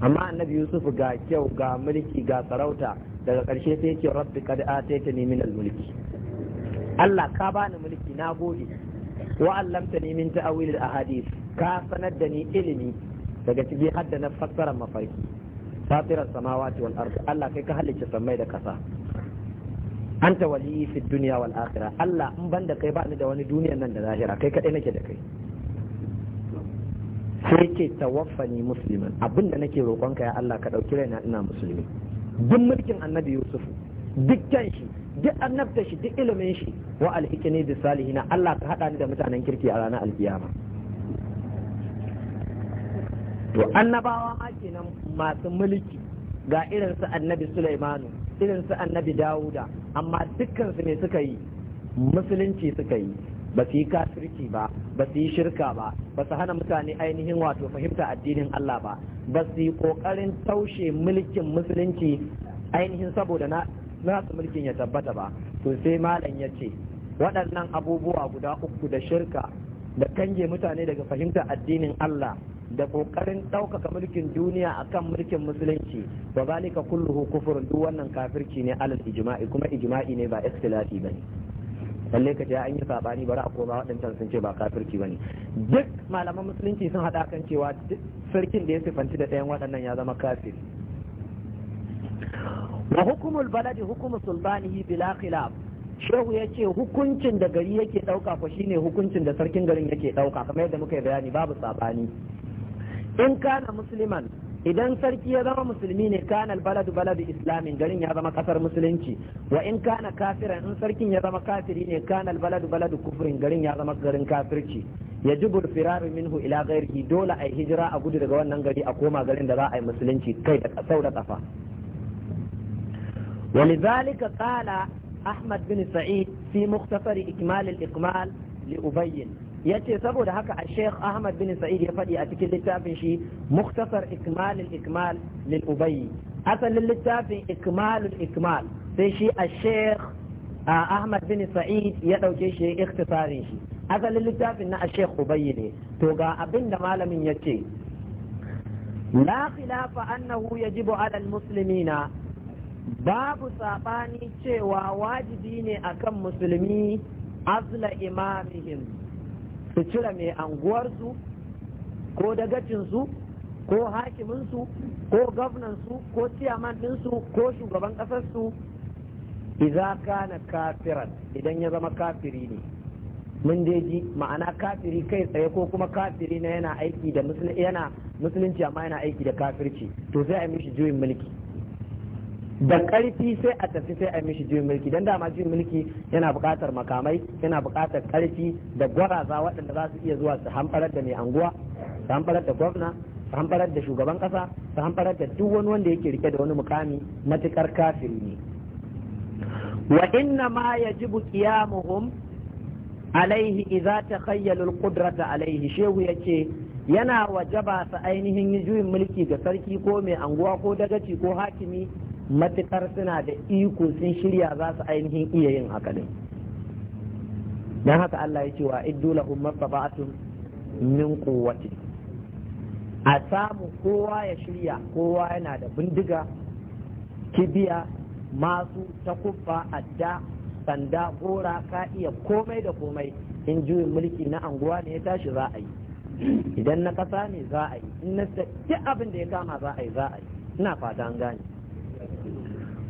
amma annabi yusufu ga kyau ga mulki ga sarauta daga ƙarshe sai ce rabbi kad ataitani min al-mulki Allah ka bani mulki na gode wa'allamtani min ta'awil al-ahadith ka sanar da ni ilimi daga ciki hadda na fassara mafarki fatirar samawati wal ardi Allah kai ka halicce sammai da kasa anta wali fi duniya wal Allah in ban da kai ba ni da wani duniya nan da lahira kai kadai nake da kai sai ke tawaffani musliman abinda nake roƙonka ya Allah ka dauki raina ina musulmi duk mulkin annabi Yusuf duk shi duk annabta shi duk ilimin shi wa alhikini da salihina Allah ka hada ni da mutanen kirki a ranar alkiyama to annabawa ma kenan masu mulki ga irin su annabi Sulaimanu irin su annabi Dawuda amma dukkan su ne suka yi musulunci suka yi ba su yi kafirci ba ba su yi shirka ba ba su hana mutane ainihin wato fahimta addinin Allah ba ba su yi kokarin taushe mulkin musulunci ainihin saboda na nasu mulkin ya tabbata ba to sai malam ya ce waɗannan abubuwa guda uku da shirka da kange mutane daga fahimtar addinin Allah da kokarin ɗaukaka mulkin duniya akan mulkin musulunci wa ka kulluhu kufrun duk wannan kafirci ne alal ijma'i kuma ijma'i ne ba ikhtilafi ne. lalle ka an yi sabani ra'a ko ba waɗancan sun ce ba kafirci ne duk malaman musulunci sun haɗa kan cewa sarkin da ya sifanci da ɗayan waɗannan ya zama kafir wa hukumul baladi hukumu sulbanihi bila khilaf shehu yace hukuncin da gari yake ɗauka fa shine hukuncin da sarkin garin yake dauka kamar yadda muka yi bayani babu sabani in kana musliman idan sarki ya zama musulmi ne kana baladu baladu islamin garin ya zama kasar musulunci wa in kana kafiran in sarkin ya zama kafiri ne kana baladu baladu kufrin garin ya zama garin kafirci yajibu firaru minhu ila ghairihi dole yi hijira a gudu daga wannan gari a koma garin da za a yi musulunci kai da sau da kafa ولذلك قال أحمد بن سعيد في مختصر إكمال الإكمال لأبين yace saboda haka a sheikh ahmad bin sa'id ya faɗi a cikin littafin shi muktasar ikmalul ikmal lil ubayy asalin littafin ikmalul ikmal sai shi a sheikh ahmad bin sa'id ya ɗauke shi ya ikhtisarin shi asalin littafin na a sheikh ubayy ne to ga abin da malamin yace la khilafa annahu yajibu ala al muslimina babu saɓani cewa wajibi ne akan musulmi azla imamihim su cire mai anguwarsu ko dagacinsu ko hakiminsu ko gwamnansu ko ciyaman ɗinsu ko shugaban ƙasarsu Iza kana kafiran idan ya zama kafiri ne mun dai ji ma'ana kafiri kai tsaye ko kuma kafiri na yana aiki da musulunci yana amma yana aiki da kafirci to sai a mishi juyin mulki da ƙarfi sai a tafi sai a mishi juyin mulki don dama juyin mulki yana buƙatar makamai yana buƙatar ƙarfi da gwaraza waɗanda za su iya zuwa su hamfarar da mai anguwa su hamfarar da gwamna su hamfarar da shugaban ƙasa su hamfarar da duk wani wanda yake rike da wani mukami matuƙar kafiri ne wa inna ma yajibu qiyamuhum alaihi idza takhayyalu alqudrata alaihi shehu yace yana wajaba sa ainihin juyin mulki ga sarki ko mai anguwa ko dagaci ko hakimi matukar suna da iko sun shirya za su ainihin iya yin haka ne don haka Allah ya ce wa umar lahum mastata'atun min kowace a samu kowa ya shirya kowa yana da bindiga kibiya masu takubba adda sanda gora ka iya komai da komai in juyin mulki na anguwa ne ya tashi za a yi idan na kasa ne za a yi in na abin ya kama za a yi za a yi ina fata an gane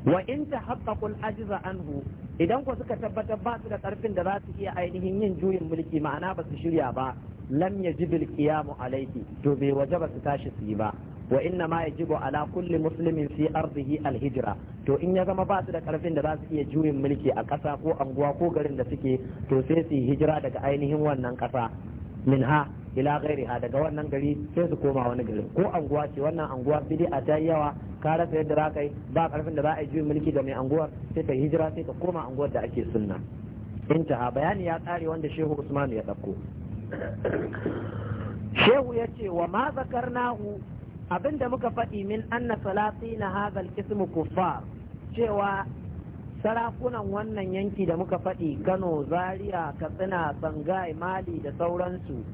wa in tahaqqaqul ajza anhu idan ku suka tabbatar ba su da karfin da za su iya ainihin yin juyin mulki ma'ana ba su shirya ba lam yajib al-qiyamu alayhi to bai wajaba su tashi su yi ba wa inna ma yajibu ala kulli muslimin fi ardihi al-hijra to in ya zama ba su da karfin da za su iya juyin mulki a ƙasa ko anguwa ko garin da suke to sai su hijira daga ainihin wannan ƙasa minha ila ghairiha daga wannan gari sai su koma wani gari ko anguwa ce wannan anguwa bid'a ta yawa ka rasa yadda za ka yi ba karfin da za a yi juyin mulki da mai anguwar sai ka hijira sai ka koma anguwar da ake sunna intaha bayani ya tsare wanda shehu usmanu ya dauko shehu ya ce wa ma zakarnahu abinda muka faɗi min anna salati na al ismu kufar cewa sarakunan wannan yanki da muka faɗi Kano Zaria Katsina Sangai Mali da sauransu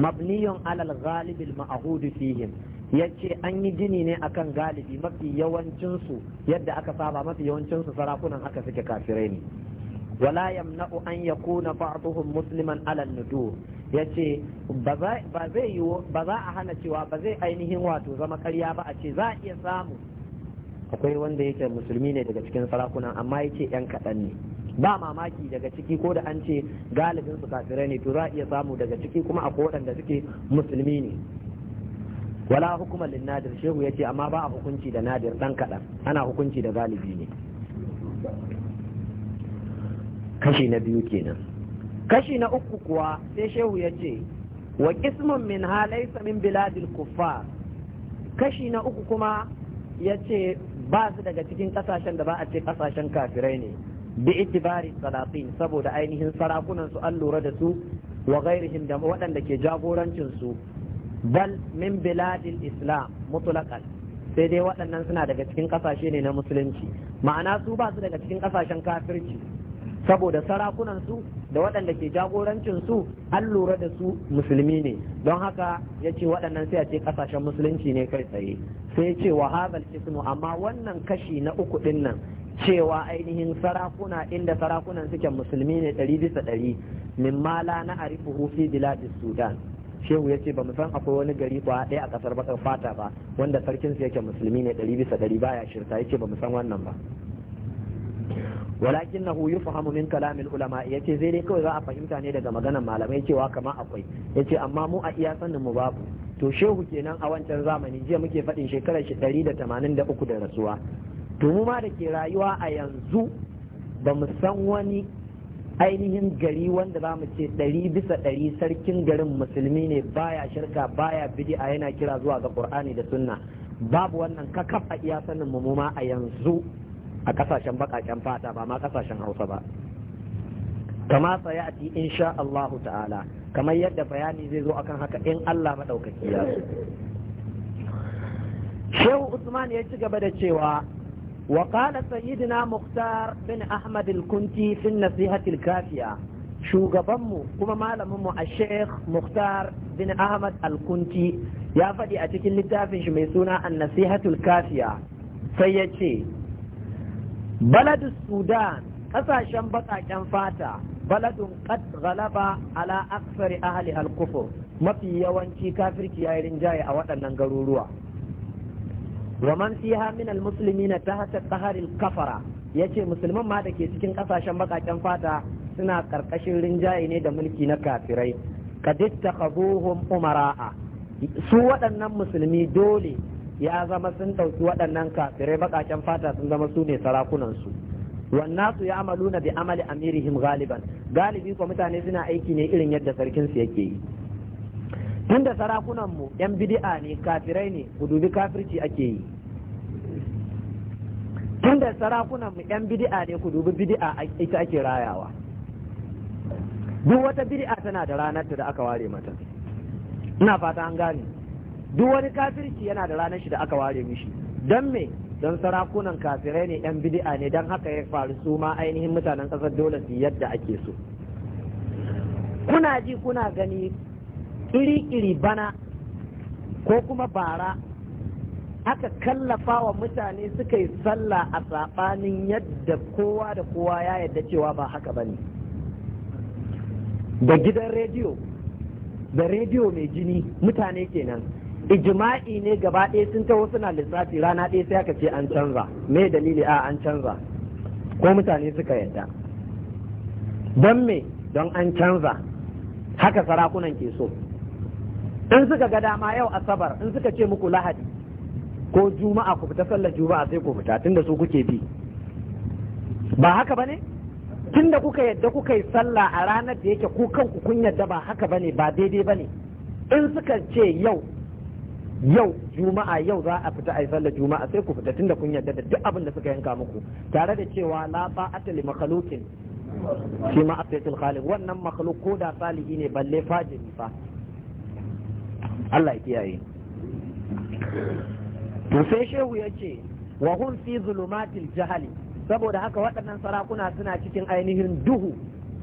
mabniyun alal ghalibin ma'ahudu fihim ya ce an yi gini ne akan galibi mafi yawancinsu yadda aka saba mafi yawancinsu sarakunan aka suke kafirai ne wala yamna'u an yakuna ba'duhum musliman alal nudur ya ce ba za a hana cewa ba zai ainihin wato zama karya ba a ce za a iya samu akwai wanda yake musulmi ne daga cikin sarakunan, amma yace 'yan kaɗan ne ba mamaki daga ciki ko da an ce galibin su kafirai ne to za iya samu daga ciki kuma akwai waɗanda suke musulmi ne wala hukumar nadir shehu ya ce amma ba a hukunci da nadir ɗan kaɗan ana hukunci da galibi ne kashi na biyu kenan kashi na uku kuwa sai shehu ya ce wa qismun min halaysa min biladil kuffar kashi na uku kuma ya ce ba su daga cikin kasashen da ba a ce kasashen kafirai ne bi itibari salatin saboda ainihin sarakunan su an lura da su wa ghairihim da waɗanda ke jagorancin su bal min biladil islam mutlaqan sai dai waɗannan suna daga cikin ƙasashe ne na musulunci ma'ana su ba su daga cikin kasashen kafirci saboda sarakunan su da waɗanda ke jagorancin su an lura da su musulmi ne don haka ya ce waɗannan sai a ce ƙasashen musulunci ne kai tsaye sai ya ce wa hazal ismu amma wannan kashi na uku ɗin cewa ainihin sarakuna inda sarakunan suke musulmi ne ɗari bisa ɗari min mala na arifuhu hufi sudan shehu ya ce ba san akwai wani gari ba ɗaya a ƙasar baƙar fata ba wanda sarkin su yake musulmi ne ɗari bisa ɗari ba ya shirta, ya ce ba san wannan ba walakin huyu yufhamu min kalamin ulama ya ce zai dai kawai za a fahimta ne daga maganar malamai cewa kama akwai ya ce amma mu a iya sanin mu babu to shehu kenan a wancan zamani jiya muke faɗin shekarar shi ɗari da tamanin da uku da rasuwa to ma da ke rayuwa a yanzu ba mu san wani ainihin gari wanda za mu ce ɗari bisa ɗari sarkin garin musulmi ne baya shirka baya bidi'a yana kira zuwa ga ƙur'ani da sunna babu wannan kakaf a iya sanin mu ma a yanzu a kasashen baƙaƙen fata ba ma kasashen hausa ba kama sayati insha Allahu ta'ala kamar yadda bayani zai zo akan haka in Allah maɗaukaki ya Shehu Usman ya ci gaba da cewa وقال سيدنا مختار بن أحمد الكنتي في النصيحة الكافية شو قبمو كما معلمه الشيخ مختار بن أحمد الكنتي يا فدي أتيك اللي شميسونا النصيحة الكافية سيدي بلد السودان ƙasashen baƙaƙen fata baladun qad ghalaba ala aksari ahliha al-kufur mafi yawanci kafirci yayin rinjaye a waɗannan garuruwa wa man fiha min almuslimina tahta qaharil kafara yace musulman ma da ke cikin kasashen bakaken fata suna karkashin rinjaye ne da mulki na kafirai kad takhaduhum umara'a su waɗannan musulmi dole ya zama sun ɗauki waɗannan kafirai bakaken fata sun zama su ne sarakunan su wannan su ya amalu na bi amali amirihim galiban galibi ko mutane suna aiki ne irin yadda sarkin su yake yi tunda mu yan bid'a ne kafirai ne ku dubi kafirci ake yi tunda da sarakunan mu yan bid'a ne ku dubi bid'a ita ake rayawa duk wata bid'a tana da ranar da aka ware mata ina fata an gane duk wani kafirci yana da ranar shi da aka ware mishi dan me don sarakunan kafirai ne yan bid'a ne don haka ya faru su ma ainihin mutanen ƙasar dole su yadda ake so kuna ji kuna gani iri-iri bana ko kuma bara aka kallafa wa mutane suka yi sallah a saɓanin yadda kowa da kowa ya yadda cewa ba haka ba ne da gidan rediyo da rediyo mai jini mutane kenan Ijima'i ne gaba ɗaya sun taho suna lissafi rana ɗaya sai aka ce an canza me dalili a an canza ko mutane suka yadda don me don an canza haka sarakunan ke so in suka ga dama yau asabar in suka ce muku lahadi ko juma'a ku fita sallar juma'a sai ku fita tunda su kuke bi ba haka bane tunda kuka yadda kuka yi sallah a ranar da yake ku kanku kun yadda ba haka bane ba daidai bane in suka ce yau yau juma'a yau za a fita yi sallar juma'a sai ku fita tunda kun yarda da duk abin da suka yanka muku tare da cewa la ba'ata li makhluqin fi ma'asiyatil khaliq wannan makhluq ko da salihi ne balle fajiri fa Allah ya kiyaye to sai shehu ya ce wa hun fi zulumatil jahali saboda haka waɗannan sarakuna suna cikin ainihin duhu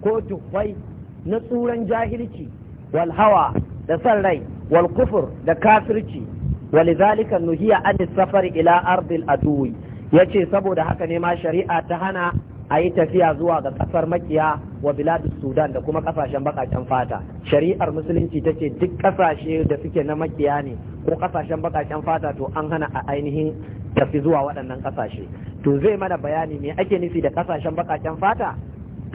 ko duhwai na tsuran jahilci wal hawa da san rai wal kufur da kafirci walizalika nuhiya an safar ila ardil aduwi yace saboda haka ne ma shari'a ta hana a yi tafiya zuwa ga kasar makiya wa biladus sudan da kuma kasashen bakaken fata shari'ar musulunci ta ce duk kasashe da suke na makiya ne ko kasashen bakaken fata to an hana a ainihin tafi zuwa waɗannan kasashe to zai mana bayani me ake nufi da kasashen bakaken fata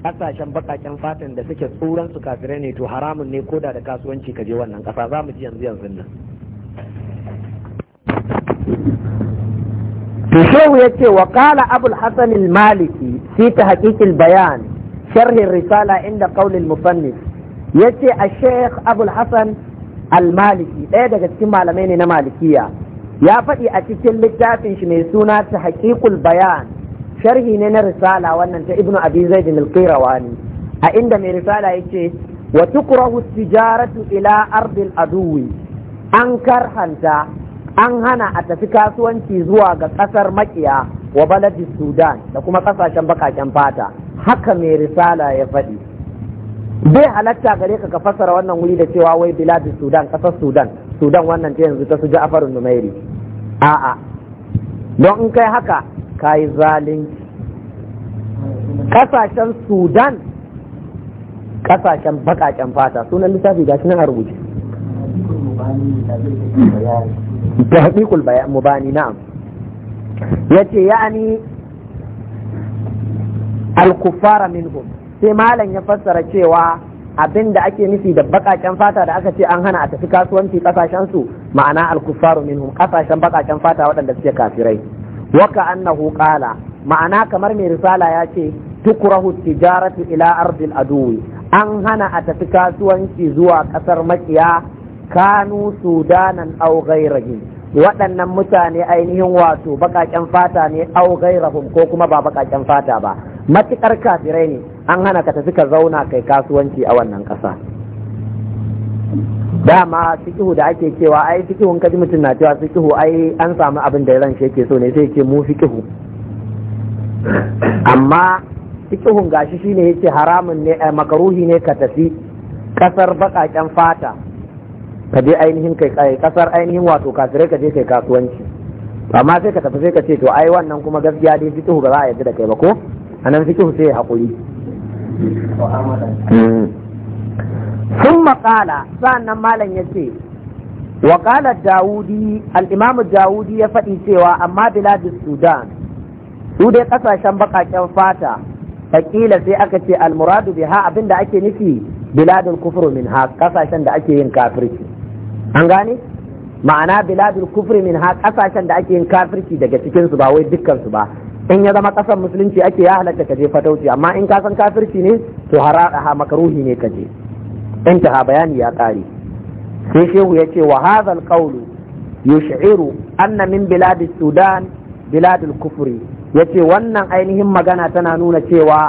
kasashen bakaken fatan da suke tsuran su kafirai ne to haramun ne koda da kasuwanci ka je wannan kasa za mu ji yanzu yanzu nan to shehu ya ce wa kala abul hasan maliki fi tahqiqil bayan sharh risala inda qawl al musannif yace a sheikh abul hasan al maliki ɗaya daga cikin malamai ne na malikiya ya faɗi a cikin littafin shi mai suna tahqiqul bayan sharhi ne na risala wannan ta ibnu abi zaid al qirawani a inda mai risala yace wa tukrahu tijaratu ila ardil aduwi an karhanta an hana a tafi kasuwanci zuwa ga ƙasar makiya wa baladi sudan da kuma ƙasashen bakaken fata haka mai risala ya faɗi bai halatta gare ka fasara wannan wuri da cewa wai biladi sudan kasar sudan sudan wannan ta yanzu ta su ji afarin numairi a'a don in kai haka ka yi zalunci ƙasashen sudan ƙasashen bakaken fata sunan lissafi ga shi nan a rubuce da haƙiƙul mubani na'am ya ce ya'ani alkufara minhum sai malam ya fassara cewa abinda ake nufi da baƙaƙen fata da aka ce an hana a tafi kasuwanci kasashen su ma'ana alkufaru minhum kasashen bakaken fata waɗanda suke kafirai waka annahu qala ma'ana kamar mai risala ya ce tukrahu tijaratu ila ardil aduwi an hana a tafi kasuwanci zuwa ƙasar maƙiya. kanu sudanan aw ghairihim waɗannan mutane ainihin wato baƙaƙen fata ne aw ghairahum ko kuma ba baƙaƙen fata ba matukar kafirai ne an hana ka tafi ka zauna kai kasuwanci a wannan ƙasa dama sikihu da ake cewa ai fikihun kaji mutum na cewa sikihu ai an samu abin da ran shi yake so ne sai yake mu sikihu amma fikihun gashi shine yake haramun ne eh, makaruhi ne ka tafi kasar baƙaƙen fata ka je ainihin kai kasar ainihin wato kafirai ka je kai kasuwanci amma sai ka tafi sai ka ce to ai wannan kuma gaskiya dai fikihu ba za a yarda da kai ba ko anan fikihu sai hakuri sun hmm. maƙala sa'annan malam ya ce wa ƙala dawudi al'imamu dawudi ya faɗi cewa amma biladis sudan su dai ƙasashen baƙaƙen fata faƙila sai aka ce almuradu biha ha abinda ake nufi biladin kufuru min ha ƙasashen da ake yin kafirci an gane ma'ana biladul kufri min ha kasashen da ake yin kafirci daga cikin su ba wai dukkan su ba in ya zama kasan musulunci ake ya halatta kaje fatauci amma in ka san kafirci ne to harada makruhi ne kaje ta bayani ya kare sai shehu yace ce wa hadhal qawlu yush'iru anna min biladis sudan biladul kufri yace wannan ainihin magana tana nuna cewa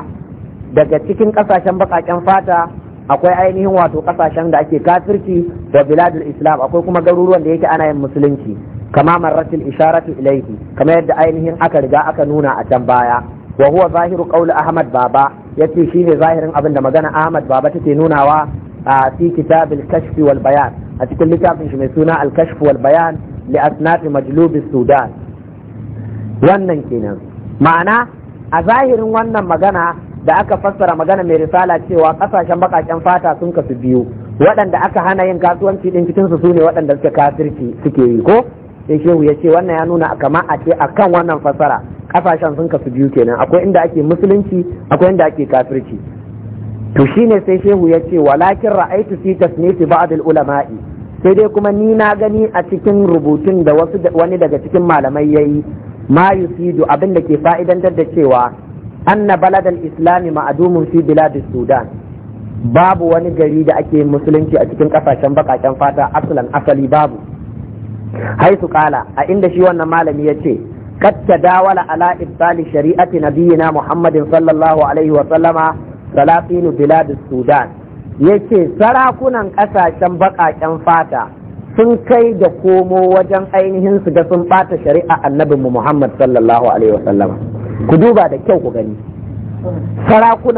daga cikin kasashen bakaken fata akwai ainihin wato kasashen da ake kafirci wa biladul islam akwai kuma garuruwan da yake ana yin musulunci kama marratil isharatu ilaihi kama yadda ainihin aka riga aka nuna a can baya wa huwa zahiru qawl ahmad baba yace shine zahirin abin da magana ahmad baba take nunawa a fi kitabil wal bayan a cikin littafin shi mai suna al kashf wal bayan li asnafi majlubi sudan wannan kenan ma'ana a zahirin wannan magana da aka fassara magana mai risala cewa kasashen bakaken fata sun kasu biyu waɗanda aka hana yin kasuwanci din cikin su ne waɗanda suke kafirci suke yi ko sai shehu ya ce wannan ya nuna kama a ce akan wannan fassara kasashen sun kasu biyu kenan akwai inda ake musulunci akwai inda ake kafirci to shine sai shehu ya ce walakin ra'aitu fi tasnifi ba'd ulama'i sai dai kuma ni na gani a cikin rubutun da wasu wani daga cikin malamai yayi ma yusidu abin da ke fa'idantar da cewa anna baladal islami ma'adumun fi bilad sudan babu wani gari da ake musulunci a cikin ƙasashen bakaken fata asalan asali babu haisu kala a inda shi wannan malami ya ce قد تداول على إبطال شريعة نبينا محمد صلى الله عليه وسلم سلاطين بلاد السودان yace sarakunan ƙasashen baƙaƙen fata sun kai da komo wajen ainihin su da sun ɓata shari'a annabinmu Muhammad sallallahu ku duba da kyau ku gani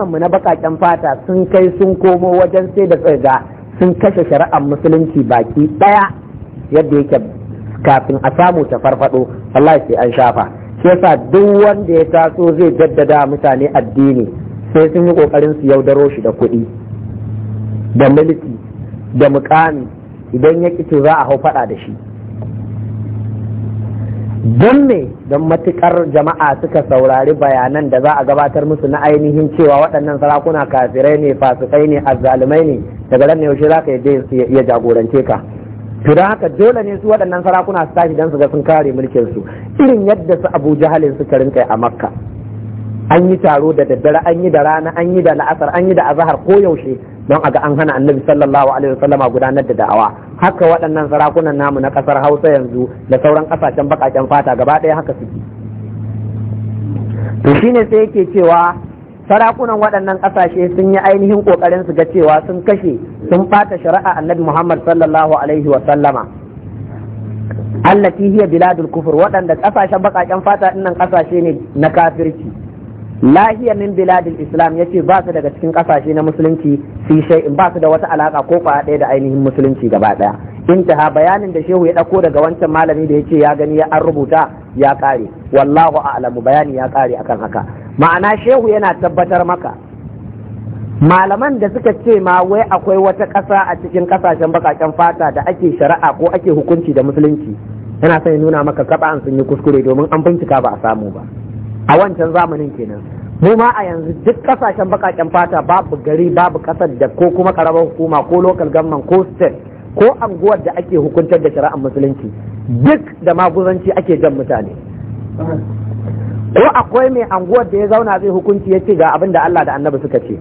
mu na bakaken fata sun kai sun komo wajen sai da tsirga sun kashe shari'ar musulunci baki ɗaya yadda yake kafin a samu ta farfado Allah sai an shafa shi yasa duk wanda ya taso zai jaddada mutane addini sai sun yi kokarin su yaudaro shi da kuɗi da miliki, da mukami idan ya kici za a hau faɗa da shi don me don matukar jama'a suka saurari bayanan da za a gabatar musu na ainihin cewa waɗannan sarakuna kafirai ne fasikai ne azzalumai ne daga nan yaushe za ka ya jagorance ka to don haka dole ne su waɗannan sarakuna su tashi don su ga sun kare mulkin su irin yadda su abu jahalin suka rinka a makka an yi taro da daddare an yi da rana an yi da la'asar an yi da azahar ko yaushe don a ga an hana annabi sallallahu alaihi wasallama gudanar da da'awa haka waɗannan sarakunan namu na ƙasar hausa yanzu da sauran ƙasashen baƙaƙen fata gaba ɗaya haka suke to shine sai yake cewa sarakunan waɗannan ƙasashe sun yi ainihin ƙoƙarin su ga cewa sun kashe sun fata shari'a annabi muhammad sallallahu alaihi wasallama allati hiya biladul kufur waɗanda ƙasashen baƙaƙen fata ɗinnan ƙasashe ne na kafirci lahiya min biladil islam yace ba su daga cikin kasashe na musulunci fi in ba su da wata alaka ko fa ɗaya da ainihin musulunci gaba ɗaya intaha bayanin da shehu ya ɗauko daga wancan malami da ya ce ya gani ya an rubuta ya kare wallahu a'lamu bayani ya kare akan haka ma'ana shehu yana tabbatar maka malaman da suka ce ma wai akwai wata ƙasa a cikin kasashen bakaken fata da ake shari'a ko ake hukunci da musulunci yana son ya nuna maka an sun yi kuskure domin an bincika ba a samu ba a wancan zamanin kenan mu ma a yanzu duk kasashen bakaken fata babu gari babu kasar da ko kuma karamar hukuma ko local government ko state ko anguwar da ake hukuntar da shari'ar musulunci duk da maguzanci ake jan mutane ko akwai mai anguwar da ya zauna zai hukunci ya ce ga abin da Allah da annabi suka ce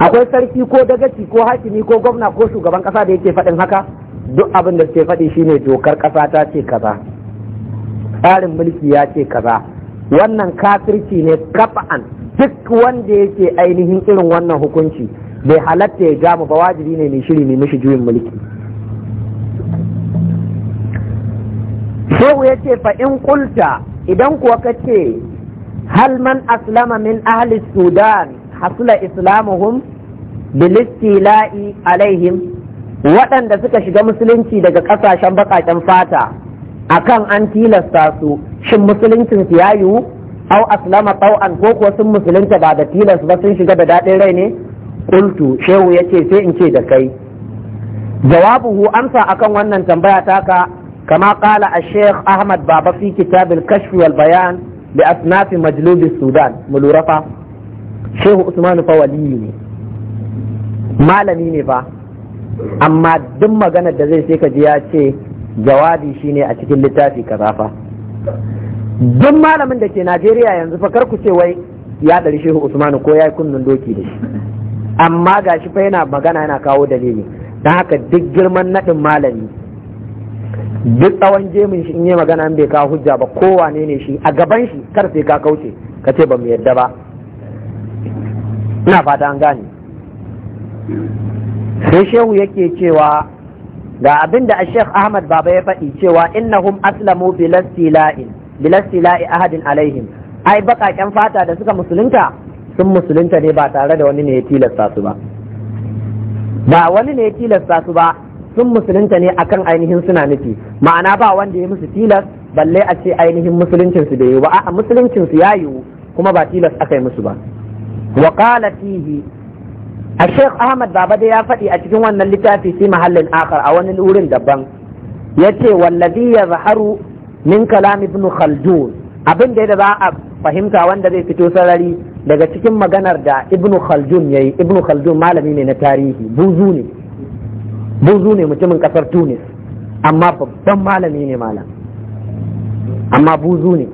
akwai sarki ko dagaci ko hakimi ko gwamna ko shugaban kasa da yake faɗin haka duk abin da suke faɗi shine dokar kasa ta ce kaza tsarin mulki ya ce kaza wannan kafirci ne kafa'an duk wanda yake ainihin irin wannan hukunci bai halatta ya gamu ba wajibi ne mai shiri mai mishi juyin mulki shehu ya ce fa in kulta idan kuwa ka ce hal man aslama min ahli sudan hasula islamuhum bilistila'i alaihim waɗanda suka shiga musulunci daga ƙasashen baƙaƙen fata akan an tilasta su shin musuluncin su ya yiwu au aslama tau'an ko kuwa sun musulunta ba da tilas ba sun shiga da daɗin rai ne kultu shehu ya ce sai in ce da kai hu, amsa akan wannan tambaya taka kama kala a sheikh ahmad baba fi kitabil kashfi wal bayan bi asnafi majlubi sudan fa? shehu usman fa waliyi ne malami ne fa amma duk maganar da zai sai ka ji ya ce jawabi shine a cikin littafi kaza fa duk malamin da ke najeriya yanzu fa kar ku ce wai ya ɗari shehu usmanu ko ya yi kunnun doki da shi amma ga shi fa yana magana yana kawo dalili don haka duk girman naɗin malami duk tsawon jemin shi in yi magana in bai kawo hujja ba kowane ne shi a gaban shi kar sai ka kauce ka ce ba mu yadda ba ina fata an gane sai shehu yake cewa ga abinda a Sheikh Ahmad Baba ya faɗi cewa innahum aslamu bilastila'in bilastila'i ahadin alaihim ai baƙaƙen fata da suka musulunta sun musulunta ne ba tare da wani ne ya tilasta su ba ba wani ne ya tilasta su ba sun musulunta ne akan ainihin suna nufi ma'ana ba wanda ya musu tilas balle a ce ainihin musuluncin su bai yiwu ba a musuluncin su ya yiwu kuma ba tilas aka yi musu ba wa qala a sheikh ahmad babade ya faɗi a cikin wannan littafi fi mahallin akar a wani wurin daban ya ce wallazi ya zaharu min kalam ibn khaldun abin da za a fahimta wanda zai fito sarari daga cikin maganar da ibn khaldun ya yi ibn khaldun malami ne na tarihi buzu ne buzu ne mutumin kasar tunis amma babban malami ne malam amma buzu ne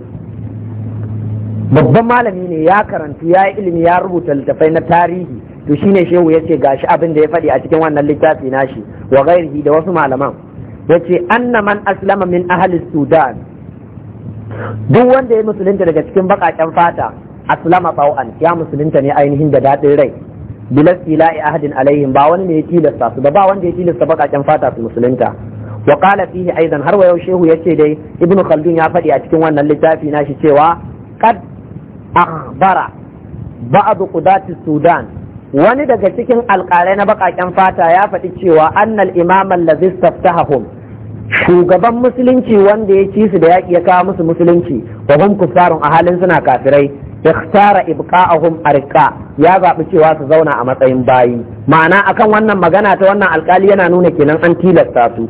babban malami ne ya karantu ya yi ilimi ya rubuta littafai na tarihi to ne shehu yace gashi abin da ya faɗi a cikin wannan littafi nashi wa ghairihi da wasu malaman yace anna man aslama min ahli sudan duk wanda ya musulunta daga cikin bakaken fata aslama tau'an ya musulunta ne ainihin da dadin rai bilas ila'i ahadin alaihim ba wani ne ya tilasta su ba ba wanda ya tilasta bakaken fata su musulunta wa qala fihi aidan har wa yau shehu yace dai ibnu khaldun ya faɗi a cikin wannan littafi nashi cewa qad akhbara ba'd qudati sudan wani daga cikin alƙalai na baƙaƙen fata ya faɗi cewa annal imam allazi staftahum shugaban musulunci wanda ya ci su da yaƙi ya kawo musu musulunci wa hum kuffarun a halin suna kafirai ikhtara ibqa'ahum arqa ya zaɓi cewa su zauna a matsayin bayi ma'ana akan wannan magana ta wannan alƙali yana nuna kenan an tilasta su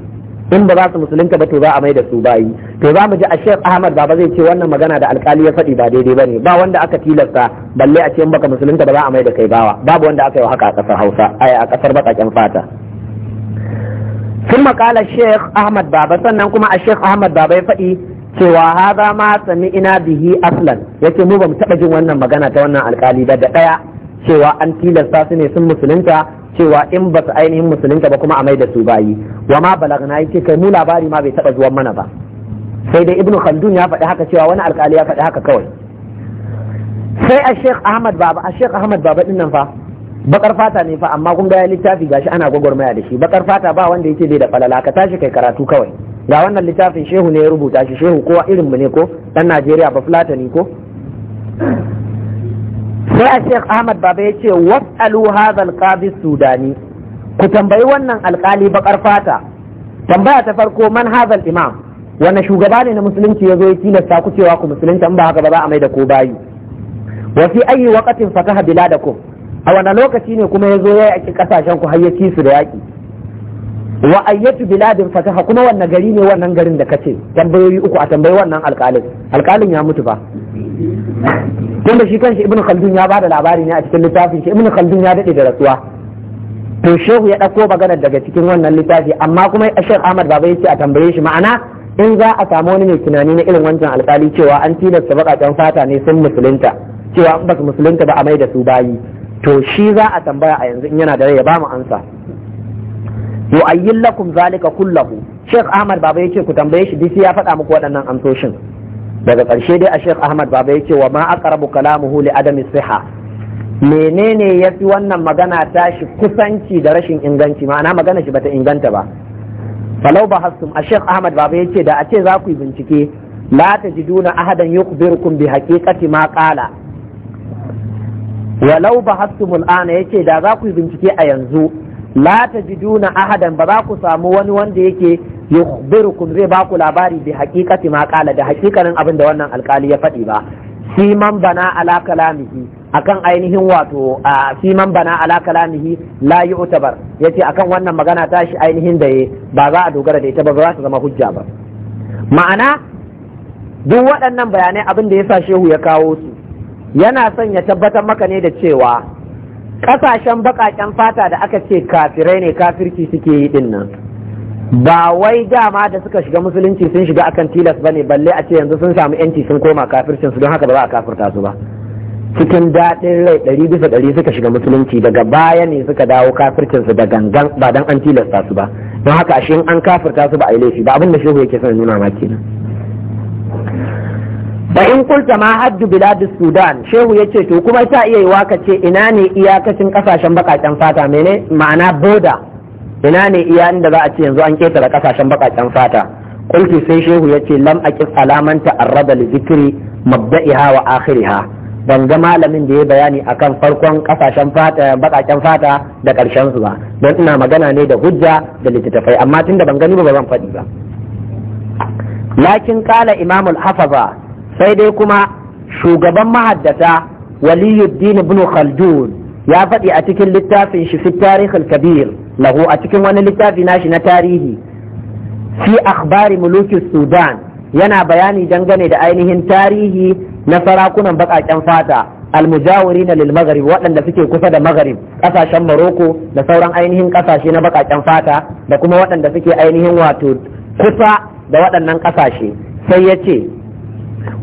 in ba za su musulunta ba to za a mai da su bayi to za mu ji a shek ahmad baba zai ce wannan magana da alkali ya faɗi ba daidai ba ne ba wanda aka tilasta balle a ce in baka musulunta ba za a mai da kai bawa babu wanda aka yi haka a ƙasar hausa a ƙasar baƙaƙen fata ثم قال الشيخ Ahmad baba sannan kuma a Sheikh Ahmad Baba ya faɗi cewa haza ma ina bihi aslan yace mu bamu taɓa jin wannan magana ta wannan alƙali ba da ɗaya cewa an tilasta su ne sun musulunta cewa in ba su ainihin musulunta ba kuma a mai da su bayi wa ma balagna yake kai mu labari ma bai taba zuwan mana ba sai dai ibnu khaldun ya faɗi haka cewa wani alƙali ya faɗi haka kawai sai a sheikh ahmad baba a sheikh ahmad baba din nan fa Baƙar fata ne fa amma kun ga ya littafi gashi ana gwagwarmaya da shi bakar fata ba wanda yake bai da falala ka tashi kai karatu kawai ga wannan littafin shehu ne ya rubuta shi shehu kowa irin mu ne ko dan Najeriya ba fulatani ko sai a sheikh ahmad baba ya ce was'alu hadha alqadi sudani ku tambayi wannan alkali bakar fata tambaya ta farko man hadha imam wannan shugaba ne na musulunci ya zo ya tilasta ku cewa ku musulunta in ba haka ba za a mai da ku bayi wa fi ayi waqatin fataha biladakum a wani lokaci ne kuma ya zo ya yaƙi ƙasashen ku har ya su da yaƙi wa ayyatu biladin fataha kuma wannan gari ne wannan garin da kace tambayoyi uku a tambayi wannan alƙalin alƙalin ya mutu fa tunda shi kanshi ibn khaldun ya bada labari ne a cikin littafin shi ibn khaldun ya dade da rasuwa to shehu ya dauko magana daga cikin wannan littafi amma kuma ashar ahmad baba yace a tambaye shi ma'ana in za a samu wani mai tunani na irin wancan alkali cewa an tilasta baƙaƙen fata ne sun musulunta cewa ba su musulunta ba a mai da su bayi to shi za a tambaya a yanzu in yana da rai ya ba mu ansa yu'ayyin lakum zalika kullahu Sheikh Ahmad Baba yace ku tambaye shi duk ya faɗa muku waɗannan amsoshin daga ƙarshe dai a Sheikh Ahmad Baba yake wa ma aqrabu kalamuhu li adami siha menene yafi wannan magana tashi kusanci da rashin inganci ma'ana magana shi bata inganta ba falau hasum a Sheikh Ahmad Baba yace da a ce za ku yi bincike la tajiduna ahadan yukhbirukum bi haqiqati ma qala walau bahastum al'ana yace da za ku yi bincike a yanzu la tajiduna ahadan ba za ku samu wani wanda yake yukhbirukum zai ba ku labari bi haqiqati ma qala da haqiqanin abin da wannan alkali ya faɗi ba siman bana ala kalamihi akan ainihin wato siman bana ala kalamihi la yu'tabar yace akan wannan magana tashi ainihin da ba za a dogara da ita ba za ta zama hujja ba ma'ana duk waɗannan bayanai abin da yasa shehu ya kawo su yana son ya tabbatar maka ne da cewa ƙasashen bakaken fata da aka ce kafirai ne kafirci suke yi din nan ba wai dama da suka shiga musulunci sun shiga akan tilas ba balle a ce yanzu sun samu yanci sun koma kafircin su don haka ba za a kafirta su ba cikin daɗin rai ɗari bisa ɗari suka shiga musulunci daga baya ne suka dawo kafircin su da gangan ba dan an tilasta su ba don haka ashe an kafirta su ba a yi laifi ba abin da shehu yake son nuna ma kenan da in kulta ma haddu biladis sudan shehu ya ce to kuma ta iya yiwa ka ce ina ne iyakacin kasashen bakaken fata mene ma'ana boda ina ne iya inda za a ce yanzu an ketare kasashen bakaken fata kulki sai shehu yace lam alamanta alamanta raba li zikiri mabda'iha wa akhiriha ban ga malamin da ya bayani akan farkon kasashen fata bakaken fata da karshen su ba don ina magana ne da hujja da littattafai amma tunda ban gani ba ba zan faɗi ba lakin kala imamul hafaza sai dai kuma shugaban mahaddata waliyuddin ibn khaldun ya faɗi a cikin littafin shi fi tarihul kabir lahu a cikin wani littafi nashi na tarihi fi akhbari mulukin sudan yana bayani dangane da ainihin tarihi na sarakunan baƙaƙen fata almujawiri na lil waɗanda suke kusa da maghrib ƙasashen maroko da sauran ainihin ƙasashe na baƙaƙen fata da kuma waɗanda suke ainihin wato kusa da waɗannan ƙasashe sai ya ce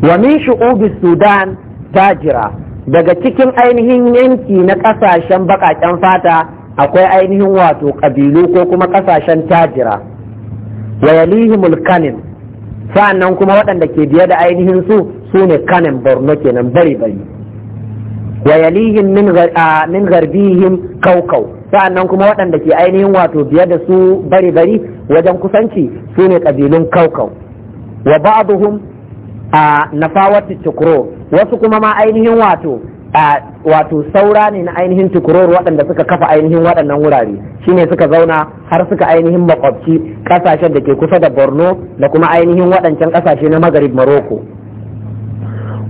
wa min shu'ubi sudan tajira daga cikin ainihin yanki na kasashen bakaken fata akwai ainihin wato kabilu ko kuma kasashen tajira wa yalihimul kanin sa'annan kuma waɗanda ke biye da ainihin su su ne kanin borno kenan bari bari wa yalihim min garbihim kaukau sa'annan kuma waɗanda ke ainihin wato biye da su bari bari wajen kusanci su ne kabilun kaukau wa ba'duhum a Nafawar tukuro wasu kuma ma ainihin wato wato saura ne na ainihin tukuror waɗanda suka kafa ainihin waɗannan wurare shine suka zauna har suka ainihin makwabci ƙasashen da ke kusa da borno da kuma ainihin waɗancan ƙasashe na magarib maroko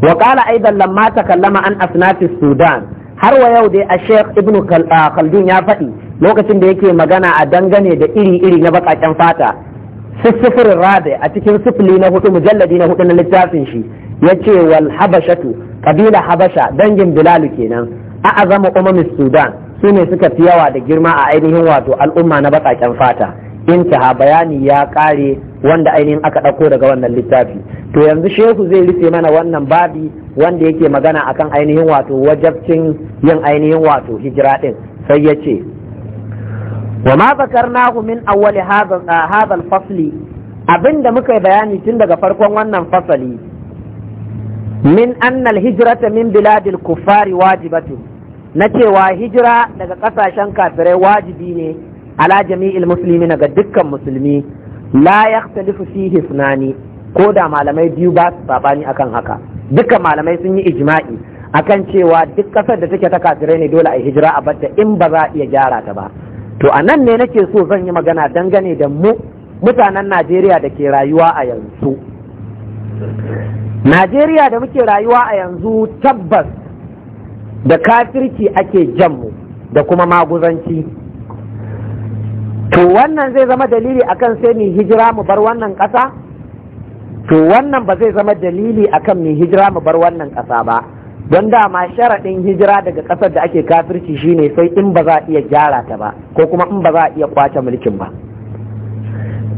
wa ƙala aidan lamma kallama an asnati sudan har wa yau dai a sheikh ibnu khaldun ya faɗi lokacin da yake magana a dangane da iri iri na baƙaƙen fata sifir rabi a cikin sifili na hudu mujalladi na hudu na littafin shi ya ce wal habashatu kabila habasha dangin bilalu kenan a azama umamin sudan su ne suka fi yawa da girma a ainihin wato al'umma na bakaken fata in ha bayani ya kare wanda ainihin aka ɗauko daga wannan littafi to yanzu shehu zai rufe mana wannan babi wanda yake magana akan ainihin wato wajabcin yin ainihin wato hijira ɗin sai ya ce wa ma zakarnahu min awwali hadha ah, fasli abinda muka yi bayani tun daga farkon wannan fasali min annal hijrata min biladil kuffari wajibatu na cewa hijira daga kasashen kafirai wajibi ne ala jami'il musulmi ga dukkan musulmi la yakhtalifu fihi sunani ko da malamai biyu ba su sabani akan haka dukkan malamai sun yi ijma'i akan cewa duk kasar da take ta kafirai ne dole a hijira a in ba za a iya gyara ta ba to a nan ne nake so zan yi magana dangane da mu mutanen najeriya da ke rayuwa a yanzu najeriya da muke rayuwa a yanzu tabbas da kafirki ake janmu da kuma maguzanci to wannan zai zama dalili akan sai mu hijira mu bar wannan ƙasa to wannan ba zai zama dalili akan mai hijira mu bar wannan ƙasa ba don dama sharaɗin hijira daga ƙasar da ake kafirci shine sai in ba za a iya gyara ta ba ko kuma in ba za a iya kwace mulkin ba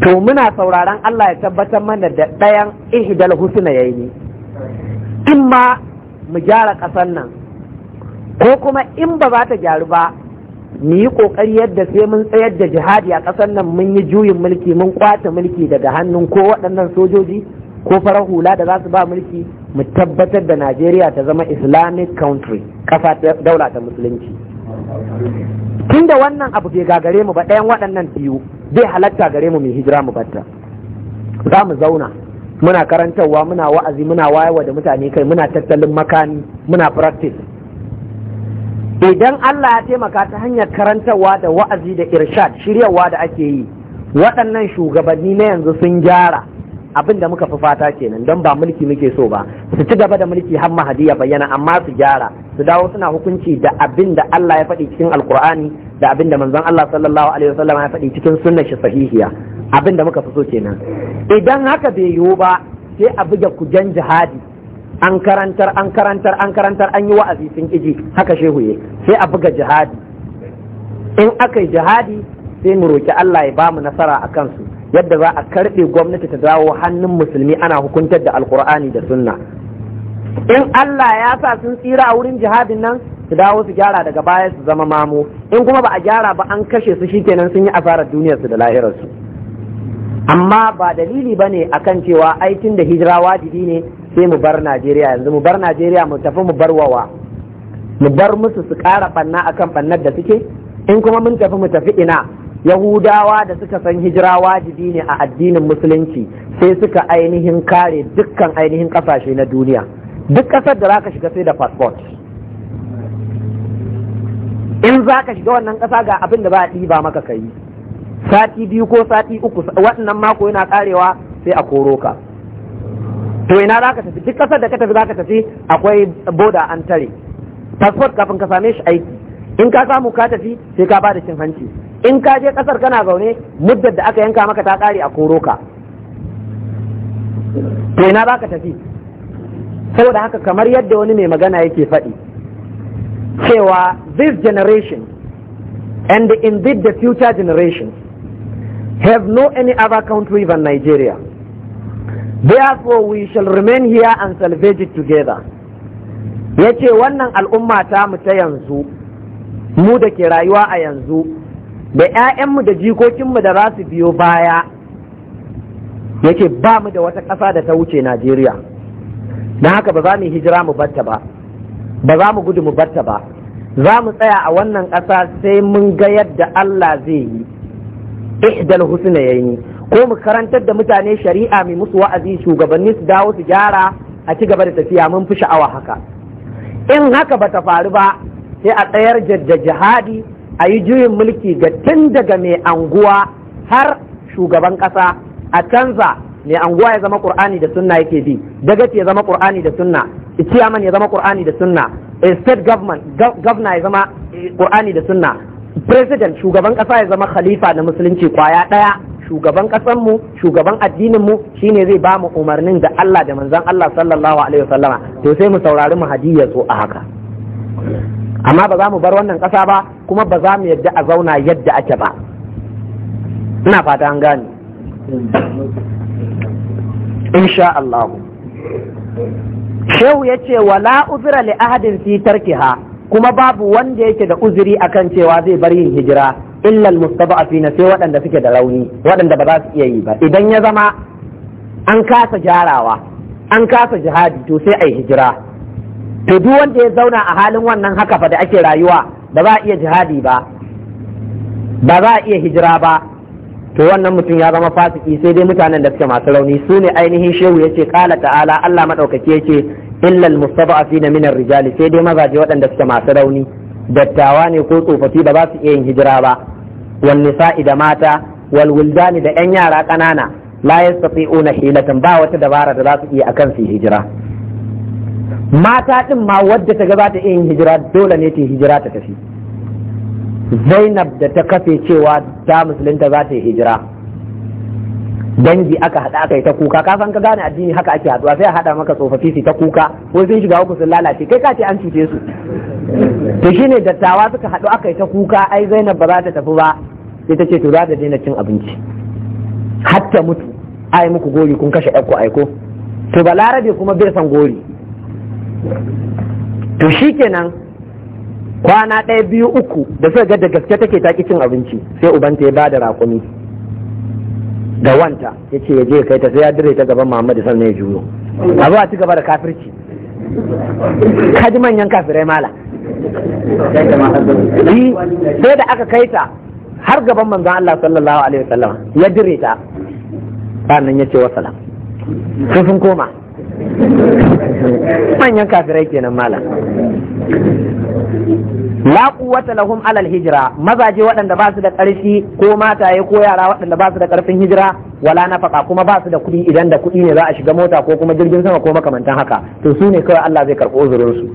to muna sauraron Allah ya tabbatar mana da ɗayan ihdal husna yayi ne in ma mu gyara ƙasar nan ko kuma in ba za ta gyaru ba mu yi ƙoƙari yadda sai mun tsayar da jihadi a ƙasar nan mun yi juyin mulki mun kwace mulki daga hannun ko waɗannan sojoji ko farar hula da za su ba mulki mu tabbatar da najeriya ta zama islamic country kafa daula ta musulunci Tunda wannan abu bai gagare mu ba ɗayan waɗannan biyu bai halatta gare mu mai hijira mu batta za mu zauna muna karantarwa muna wa'azi muna wayewa da mutane kai muna tattalin makani, muna practice idan Allah ya taimaka ta hanyar karantarwa da wa'azi da irshad shiryawa da ake yi waɗannan shugabanni na yanzu sun gyara abin da muka fi fata kenan don ba mulki muke so ba su ci gaba da mulki har mahadi ya bayyana amma su gyara su dawo suna hukunci da abin da Allah ya faɗi cikin alkur'ani da abin da manzon Allah sallallahu alaihi wasallam ya faɗi cikin sunnar shi sahihiya abin da muka fi so kenan idan haka bai yiwu ba sai a buga kujan jihadi an karantar an karantar an karantar an yi wa'azi sun kiji haka shehu ye sai a buga jihadi in aka yi jihadi sai mu roki Allah ya bamu nasara a kansu yadda za a karɓe gwamnati ta dawo hannun musulmi ana hukuntar da alkur'ani da sunna in Allah ya sa sun tsira a wurin jihadin nan su dawo su gyara daga baya su zama mamu in kuma ba a gyara ba an kashe su shikenan sun yi asarar duniyarsu da lahirarsu amma ba dalili ba ne akan cewa aikin da hijira wajibi ne sai mu bar Najeriya yanzu mu bar Najeriya mu tafi mu bar wawa mu bar musu su ƙara banna akan bannar da suke in kuma mun tafi mu tafi ina yahudawa da suka san hijira wajibi ne a addinin musulunci sai suka ainihin kare dukkan ainihin kasashe na duniya duk kasar da zaka shiga sai da passport in zaka shiga wannan kasa ga abin da ba a ɗiba maka kai sati biyu ko sati uku waɗannan mako yana karewa sai a koro ka to ina zaka tafi duk kasar da ka tafi zaka tafi akwai boda an tare passport kafin ka same shi aiki in ka samu ka tafi sai ka ba da cin hanci in ka je kasar kana zaune muddar da aka yanka maka ta kare a koro ka to ina baka tafi saboda haka kamar yadda wani mai magana yake faɗi cewa this generation and indeed the future generations have no any other country than Nigeria. Therefore we shall remain here and salvage it together. Ya ce wannan al'umma ta mu ta yanzu, mu da ke rayuwa a yanzu, da 'ya'yanmu da jikokinmu da za su biyo baya yake ba mu da wata ƙasa da ta wuce najeriya don haka ba za mu hijira mu batta ba ba za mu gudu mu batta ba za mu tsaya a wannan ƙasa sai mun ga yadda allah zai yi ihdal husna yi. ko mu karantar da mutane shari'a mai musu wa'azi shugabanni su dawo su gyara a ci gaba da tafiya mun fi sha'awa haka in haka bata faru ba sai a tsayar da jihadi a yi juyin mulki ga tun daga mai anguwa har shugaban ƙasa a canza mai anguwa ya zama ƙur'ani da sunna yake bi dagaci ya zama ƙur'ani da sunna ciyaman ya zama ƙur'ani da sunna eh, state government governor ya zama ƙur'ani eh, da sunna president shugaban ƙasa ya zama khalifa na musulunci kwaya ɗaya shugaban mu shugaban addininmu shine zai ba mu umarnin da Allah da manzon Allah sallallahu alaihi wasallama to sai mu saurari mu hadiyya so a haka amma ba za mu bar wannan ƙasa ba kuma ba za mu yadda a zauna yadda ake ba ina fata an gane insha Allah shehu ya ce wala uzura li ahadin fi tarkiha kuma babu wanda yake da uzuri akan cewa zai bar yin hijira illa almustada'afina sai waɗanda suke da rauni waɗanda ba za su iya yi ba idan ya zama an kasa jarawa an kasa jihadi to sai ai hijira to duk wanda ya zauna a halin wannan haka fa da ake rayuwa ba za a iya jihadi ba ba za a iya hijira ba to wannan mutum ya zama fasiki sai dai mutanen da suke masu rauni su ne ainihin shehu ya ce kala ta'ala Allah ya ce, illal mustada'afina minar rijali sai dai mazaje waɗanda suke masu rauni dattawa ne ko tsofaffi ba za su iya yin hijira ba Wanne nisa'i da mata wal da yan yara ƙanana la yastati'una hilatan ba wata dabara da za su iya akan su hijira mata din ma wadda ta gaba ta yin hijira dole ne ta hijira ta tafi zainab da ta kafe cewa ta musulunta za ta yi hijira dangi aka haɗa aka yi ta kuka ka ka gane addini haka ake haɗuwa sai a haɗa maka tsofaffi su ta kuka ko sun shiga uku sun lalace kai ka ce an cuce su to shine dattawa suka haɗu aka yi ta kuka ai zainab ba za ta tafi ba sai ta ce to za ta daina cin abinci hatta mutu ai muku gori kun kashe ɗauko aiko to balarabe kuma bai san gori to shi kenan kwana ɗaya biyu uku da suka ga da gaske take ta cin abinci sai ubanta ya bada raƙumi da wanta ya ce ya je kai ta sai ya dire ta gaban Muhammadu sannan ya juyo abu a ci gaba da kafirci ji manyan kafirai mala sai da aka kai ta har gaban manzon Allah sallallahu alaihi wasallam ya dire ta sannan ya ce wasalam sai sun koma manyan kafirai kenan malam la quwwata lahum alal hijra mazaje waɗanda ba su da ƙarfi ko mataye ko yara waɗanda ba su da ƙarfin hijira wala nafaka kuma ba su da kuɗi idan da kuɗi ne za a shiga mota ko kuma jirgin sama ko makamantan haka to su ne kawai Allah zai karɓo uzurin su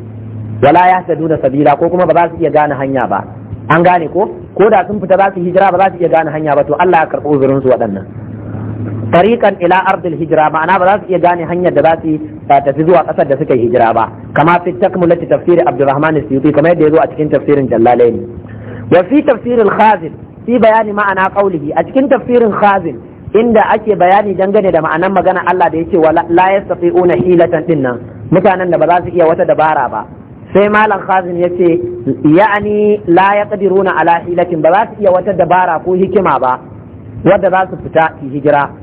wala yahtaduna sabila ko kuma ba za su iya gane hanya ba an gane ko ko da sun fita za su hijira ba za su iya gane hanya ba to Allah ya karɓo uzurin su waɗannan Farikan ila ardil hijira, ma'ana ba za su iya gane hanyar da za su fi zuwa kasar da suka yi hijira ba kama fi takmulati tafsir Abdurrahman suyuti kamar yadda yazo a cikin tafsirin Jallalaini wa fi tafsir khazin fi bayani ma'ana qawlihi a cikin tafsirin Khazin inda ake bayani dangane da ma'anan magana Allah da yake wa la yastati'una hilatan dinnan mutanen da ba za su iya wata dabara ba sai malam khazin ya ce ya'ani la ya ala hilatin ba za su iya wata dabara ko hikima ba wadda za su fita hijira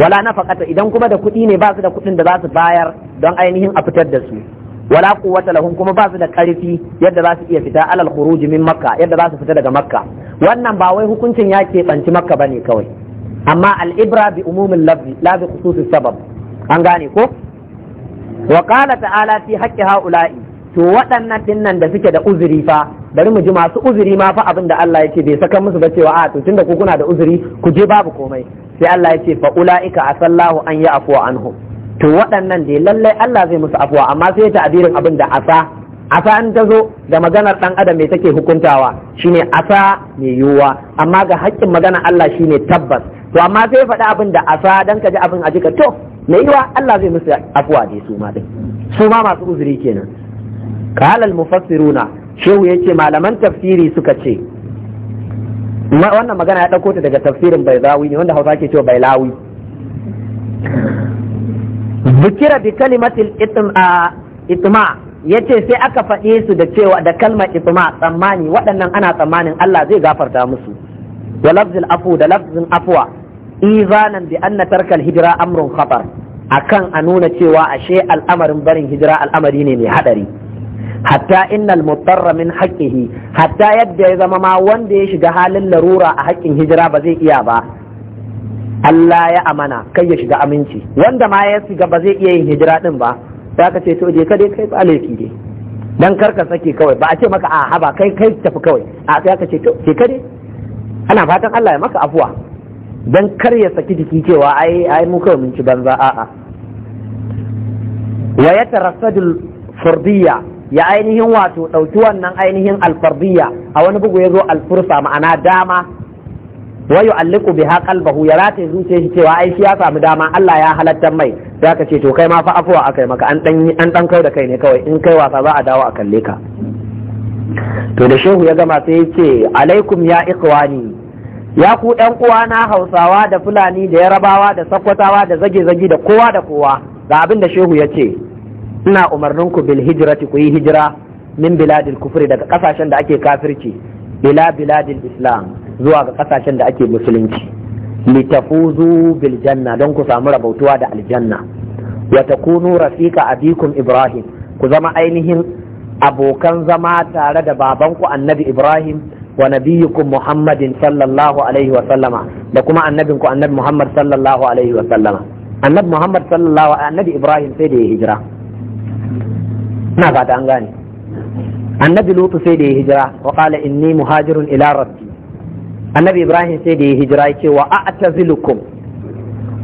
wala nafaqata idan kuma da kuɗi ne ba su da kuɗin da za su bayar don ainihin a fitar da su wala quwwata lahum kuma ba su da karfi yadda za su iya fita alal khuruj min makka yadda za su fita daga makka wannan ba wai hukuncin ya ke banci makka bane kawai amma al ibra bi umumil lafzi la bi khususi sabab an gane ko wa qala ta'ala fi haqqi haula'i to waɗannan dinnan da suke da uzuri fa bari mu ji masu uzuri ma fa abin da Allah yake bai saka musu ba cewa a to tunda ku kuna da uzuri ku je babu komai sai Allah ya ce fa ulaika asallahu an yi afuwa anhum to waɗannan dai lallai Allah zai musu afuwa amma sai abirin abin da asa asa an ta zo da maganar ɗan adam mai take hukuntawa shine asa mai yiwuwa amma ga haƙƙin magana Allah shine tabbas to amma sai faɗi abin da asa dan ka ji abin a jika to mai yiwuwa Allah zai musu afuwa dai su ma ɗin. su ma masu uzuri kenan qala al mufassiruna shehu yace malaman tafsiri suka ce wannan magana ya ɗauko ta daga tafsirin zawi ne wanda hausa ke cewa lawi. zikira bi kalimatil itma yace sai aka faɗe su da cewa da kalmar itma tsammani waɗannan ana tsammanin Allah zai gafarta musu da lafzil afu da lafzin afuwa izanan bi anna tarkal hijira amrun khatar akan a nuna cewa ashe al'amarin barin hijira al'amari ne mai haɗari. hatta innal mutarra min haqqihi hatta yadda ya zama ma wanda ya shiga halin larura a haƙƙin hijira ba zai iya ba Allah ya amana kai ya shiga aminci wanda ma ya shiga ba zai iya yin hijira din ba za ka ce to je ka dai kai ba laifi dai dan kar ka sake kawai ba a ce maka a haba kai kai tafi kawai a sai ka ce to je ka dai ana fatan Allah ya maka afuwa dan kar ya saki jiki cewa ai ai mu kawai mun ci banza a'a wa yatarassadul furdiyya ya ainihin wato ɗauki wannan ainihin alfardiyya a wani bugu ya zo alfursa ma'ana dama wa yu'alliqu biha qalbahu ya rataye zuciya shi cewa ai shi ya samu dama Allah ya halatta mai zaka ka ce to kai ma fa afuwa akai maka an dan an dan kau da kai ne kawai in kai wasa za a dawo a kalle ka to da shehu ya gama sai ya alaikum ya ikhwani ya ku ɗan uwana hausawa da fulani da yarabawa da sakkwatawa da zage-zage da kowa da kowa ga abin da shehu ya ce ina umarninku bil hijrati ku yi hijira min biladil kufri daga kasashen da ake kafirci ila biladil islam zuwa ga kasashen da ake musulunci litafuzu bil janna don ku samu rabautuwa da aljanna wa takunu rafiqa abikum ibrahim ku zama ainihin abokan zama tare da babanku annabi ibrahim wa nabiyukum muhammadin sallallahu alaihi wa sallama da kuma annabinku annabi muhammad sallallahu alaihi wa sallama annabi muhammad sallallahu alaihi wa annabi ibrahim sai da ya hijira ina fata an gane annabi lutu sai da ya hijira wa qala inni muhajirun ila rabbi annabi ibrahim sai da ya hijira ya ce wa a'tazilukum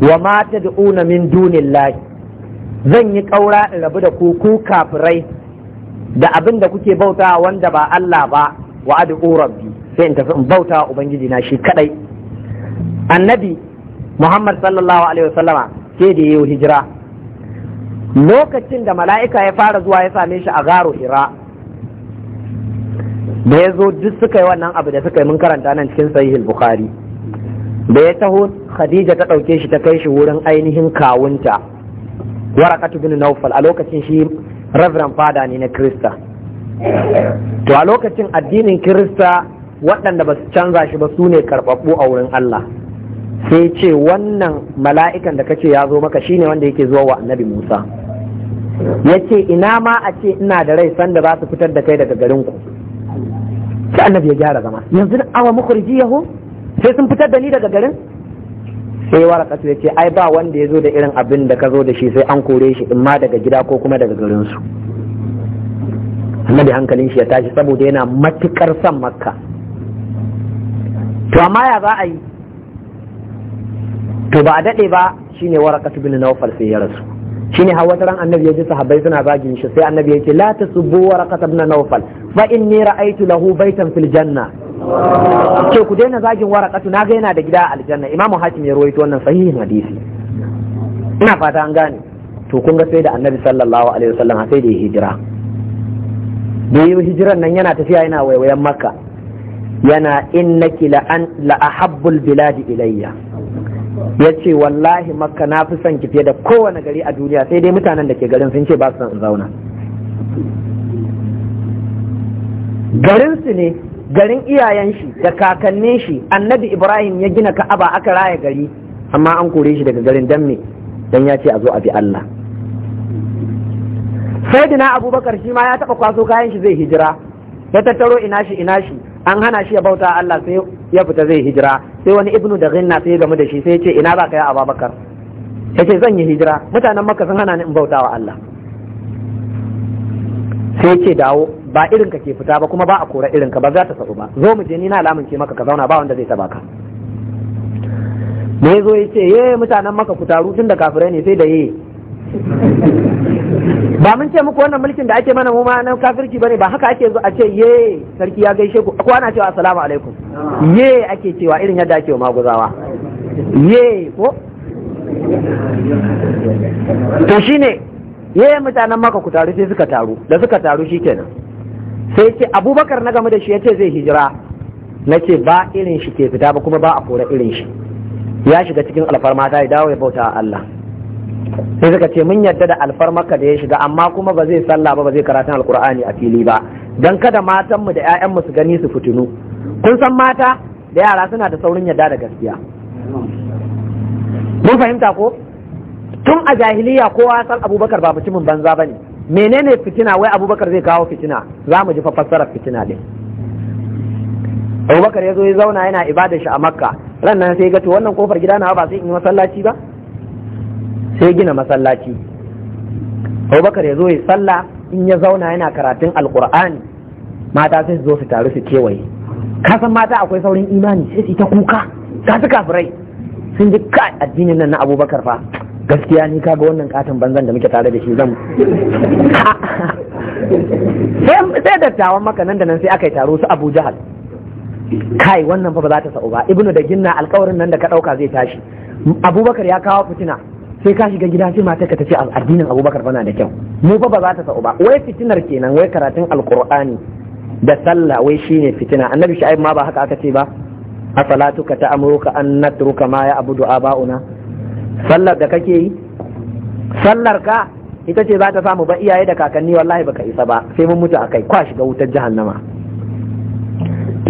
wa ma tad'una min dunillahi zan yi kaura in rabu da ku ku kafirai da abin da kuke bauta wanda ba Allah ba wa ad'u rabbi sai in tafi in bauta ubangiji na shi kadai annabi muhammad sallallahu alaihi wasallama sai da ya hijira lokacin da mala'ika ya fara zuwa ya same shi a garo hira da ya zo duk suka yi wannan abu da suka yi mun karanta nan cikin sahihul bukhari da ya taho khadija ta ɗauke shi ta kai shi wurin ainihin kawunta warakatu bin naufal a lokacin shi reverend fada ne na krista to a lokacin addinin krista waɗanda ba su canza shi ba su ne karɓaɓɓu a wurin allah sai ce wannan mala'ikan da kace ya zo maka shine wanda yake zuwa wa annabi Musa ya ce ina ma a ce ina da rai sanda za su fitar da kai daga garin ku sai annabi ya gyara zama yanzu awa mukurji sai sun fitar da ni daga garin sai warakatu ya ce ai ba wanda ya zo da irin abin da ka zo da shi sai an kore shi in ma daga gida ko kuma daga garin su annabi hankalin shi ya tashi saboda yana matukar son makka to amma ya za a yi to ba a daɗe ba shine tubin na nawfal sai ya rasu shine har wata ran annabi ya ji sahabbai suna zagin shi sai annabi ya ce la tasubbu waraqata na nawfal fa inni ra'aytu lahu baytan fil janna ce ku daina zagin waraqatu na ga yana da gida a aljanna imamu hakim ya rawaito wannan sahihin hadisi ina fata an gane to kun ga sai da annabi sallallahu alaihi wasallam sai da ya hijira da yi hijiran nan yana tafiya yana waiwayen makka yana innaki la an la ahabbul biladi ilayya ya ce wallahi makka na fi son ki fiye da kowane gari a duniya sai dai mutanen da ke garin sun ce ba su son in zauna garinsu ne garin iyayen shi da kakannin shi annabi ibrahim ya gina ka'aba aka raya gari amma an kore shi daga garin dan me dan ya ce a zo a bi Allah sayyidina abubakar shi ma ya taba kwaso kayan shi zai hijira ya tattaro ina shi ina shi an hana shi ya bauta Allah sai ya fita zai hijira sai wani ibnu da ginna sai game da shi sai ya ce ina za ka yi ababakar ya ce zan yi hijira mutanen makka sun hana ni in bauta wa Allah sai ce dawo ba irin ka ke fita ba kuma ba a kora irin ka ba za ta sa'u ba zo mu je ni na lamunce maka ka zauna ba wanda zai taba ka me zo ya ce ye mutanen maka ku taru tun da kafirai ne sai da yi. ba mun ce muku wannan mulkin da ake mana mu ma na kafirci bane ba haka ake zo a ce ye sarki ya gaishe ku ko ana cewa assalamu alaikum ye ake cewa irin yadda ake wa maguzawa ye ko to shine ye mutanen maka ku taru sai suka taru da suka taru shikenan sai ce abubakar na game da shi ya ce zai hijira na ce ba irin shi ke fita ba kuma ba a kora irin shi ya shiga cikin alfarma ta ya dawo ya bauta Allah sai suka ce mun yadda da alfarmaka da ya shiga amma kuma ba zai sallah ba ba zai karatun alkur'ani a fili ba Don kada matanmu da 'ya'yanmu su gani su fitinu kun san mata da yara suna da saurin yadda da gaskiya mun fahimta ko tun a jahiliya kowa san abubakar ba mutumin banza ba ne. menene fitina wai abubakar zai kawo fitina za mu ji fa fassarar fitina din abubakar ya zo ya zauna yana ibadar shi a makka ran nan sai ga to wannan kofar gida na ba sai yi masallaci ba sai gina masallaci abubakar ya zo ya salla in ya zauna yana karatun alkur'ani mata sai su zo su taru su kewaye kasan mata akwai saurin imani sai su ta kuka ka su kafirai sun ji ka addinin nan na abubakar fa gaskiya ni kaga wannan katin banzan da muke tare da shi zan sai dattawan maka nan da nan sai aka yi taro su abu jahal kai wannan fa ba za ta sa'u ba ibnu da ginna alkawarin nan da ka dauka zai tashi abubakar ya kawo fitina sai ka shiga gida sai matarka ta ce addinin abubakar bana da kyau mu fa ba za ta sa'u ba wai fitinar kenan wai karatun alqur'ani da sallah wai shine fitina annabi shu'aib ma ba haka aka ce ba asalatuka ta'muruka an natruka ma Abudu, aba'una sallar da kake yi sallar ka ita ce za ta samu ba iyaye da kakanni wallahi baka isa ba sai mun mutu akai kwa shiga wutar jahannama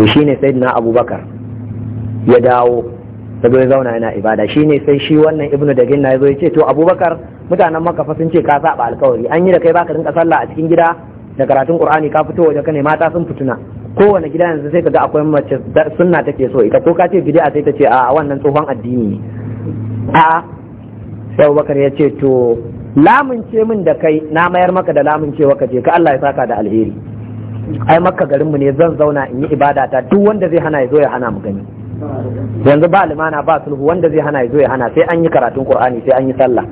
to shine sayyidina abubakar ya dawo ya ya zauna yana ibada Shi ne sai shi wannan ibnu da ginna ya zo ya ce to abubakar mutanen makka sun ce ka saba alkawari an yi da kai baka rinka sallah a cikin gida da karatun qur'ani ka fito waje kane mata sun fituna kowane gida yanzu sai kaga akwai mace sunna take so ita ko ka ce bid'a sai ta ce a wannan tsohon addini ne a sai abubakar ya ce to ce min da kai na mayar maka da lamuncewa ka je ka Allah ya saka da alheri ai makka garinmu ne zan zauna in yi ibada ta duk wanda zai hana ya zo ya hana mu gani yanzu ba limana ba sulhu wanda zai hana zo ya hana sai an yi karatun qur'ani sai an yi sallah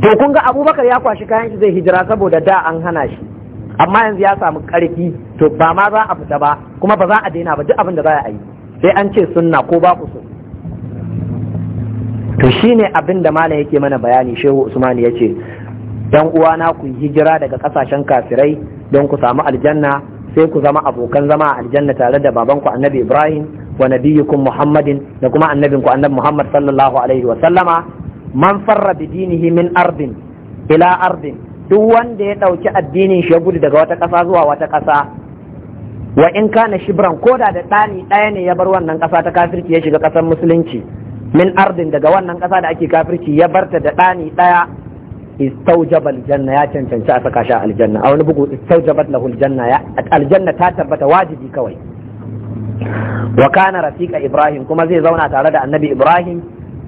to kun ga abubakar ya kwashi kayan shi zai hijira saboda da an hana shi amma yanzu ya samu karfi to ba ma za a fita ba kuma ba za a daina ba duk abin da za a yi sai an ce sunna ko ba ku so to shine abin da malam yake mana bayani shehu usman ya ce dan uwana ku hijira daga kasashen kafirai don ku samu aljanna sai ku zama abokan zama a aljanna tare da babanku annabi ibrahim wa nabiyukum muhammadin da kuma annabinku annabi muhammad sallallahu alaihi wa sallama man farra bi dinihi min ardin ila ardin duk wanda ya dauki addinin shi ya gudu daga wata kasa zuwa wata kasa wa in kana shibran koda da ɗani daya ne ya bar wannan kasa ta kafirci ya shiga kasar musulunci min ardin daga wannan kasa da ake kafirci ya barta da ɗani daya istawjabal janna ya cancanci a saka shi aljanna a wani bugu istawjabat lahu aljanna aljanna ta tabbata wajibi kawai Wakana kana rafiqa ibrahim kuma zai zauna tare da annabi ibrahim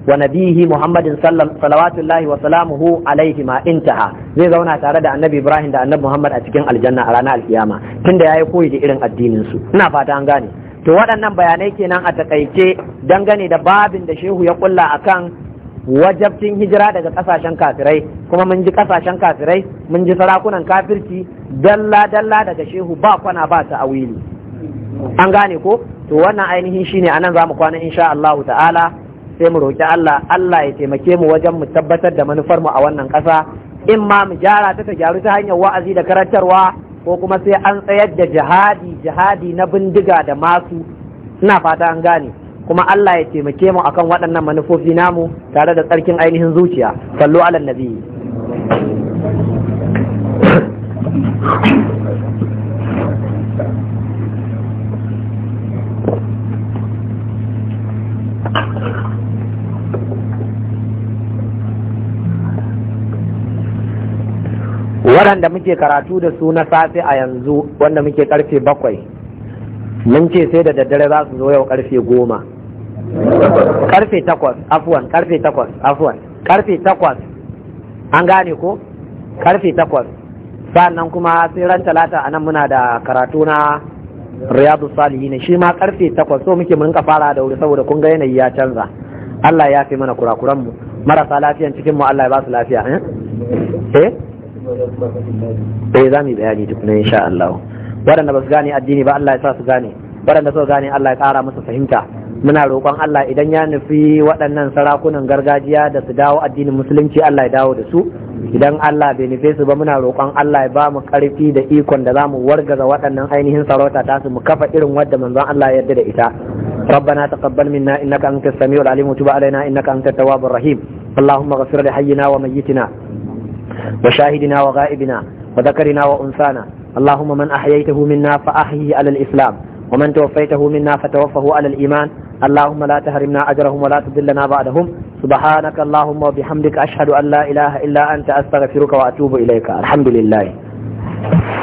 wa nabihi muhammadin salawatullahi wa salamuhu alaihi ma zai zauna tare da annabi ibrahim da annabi muhammad a cikin aljanna a ranar alkiyama tunda ya yi koyi da irin addinin su ina fata an gane to waɗannan bayanai kenan a takaice dangane da babin da shehu ya kulla kan. wajabcin hijira daga kasashen kafirai kuma mun ji kasashen kafirai mun ji sarakunan kafirci dalla dalla daga shehu ba kwana ba ta wili. an gane ko to wannan ainihin shine anan mu kwana insha Allah ta'ala sai mu roki Allah Allah ya taimake mu wajen mu tabbatar da manufar mu a wannan kasa in ma mu gyara ta ta gyaru ta hanyar wa'azi da karantarwa ko kuma sai an tsayar da jihadi jihadi na bindiga da masu ina fata an gane kuma Allah ya taimake mu akan waɗannan manufofi namu tare da tsarkin ainihin zuciya sallu ala nabi waɗanda muke karatu da su na safe a yanzu wanda muke karfe bakwai mun ce sai da daddare za su zo yau karfe goma karfe takwas afuwan karfe takwas afuwan karfe takwas an gane ko karfe takwas sannan kuma sai ran talata a nan muna da karatu na riyadu ne, shi ma karfe takwas so muke mun fara da wuri saboda kun ga yanayi ya canza Allah ya fi mana kurakuran mu marasa lafiyan cikin mu Allah ya ba su lafiya eh eh, eh za mu bayani tukuna insha Allah waɗanda ba su gane addini ba Allah ya sa su gane waɗanda su gane Allah ya ƙara musu fahimta muna roƙon Allah idan ya nufi waɗannan sarakunan gargajiya da su dawo addinin musulunci Allah ya dawo da su idan Allah bai nufe su ba muna roƙon Allah ya ba mu ƙarfi da ikon da za mu wargaza waɗannan ainihin sarauta ta su mu kafa irin wadda manzon Allah ya yarda da ita ربنا تقبل منا انك انت السميع العليم وتب علينا انك انت التواب الرحيم اللهم اغفر لحينا وميتنا وشاهدنا وغائبنا وذكرنا وانثانا اللهم من احييته منا فاحيه على الاسلام ومن توفيته منا فتوفه على الايمان اللهم لا تحرمنا أجرهم ولا تضلنا بعدهم سبحانك اللهم وبحمدك أشهد أن لا إله إلا أنت أستغفرك وأتوب إليك الحمد لله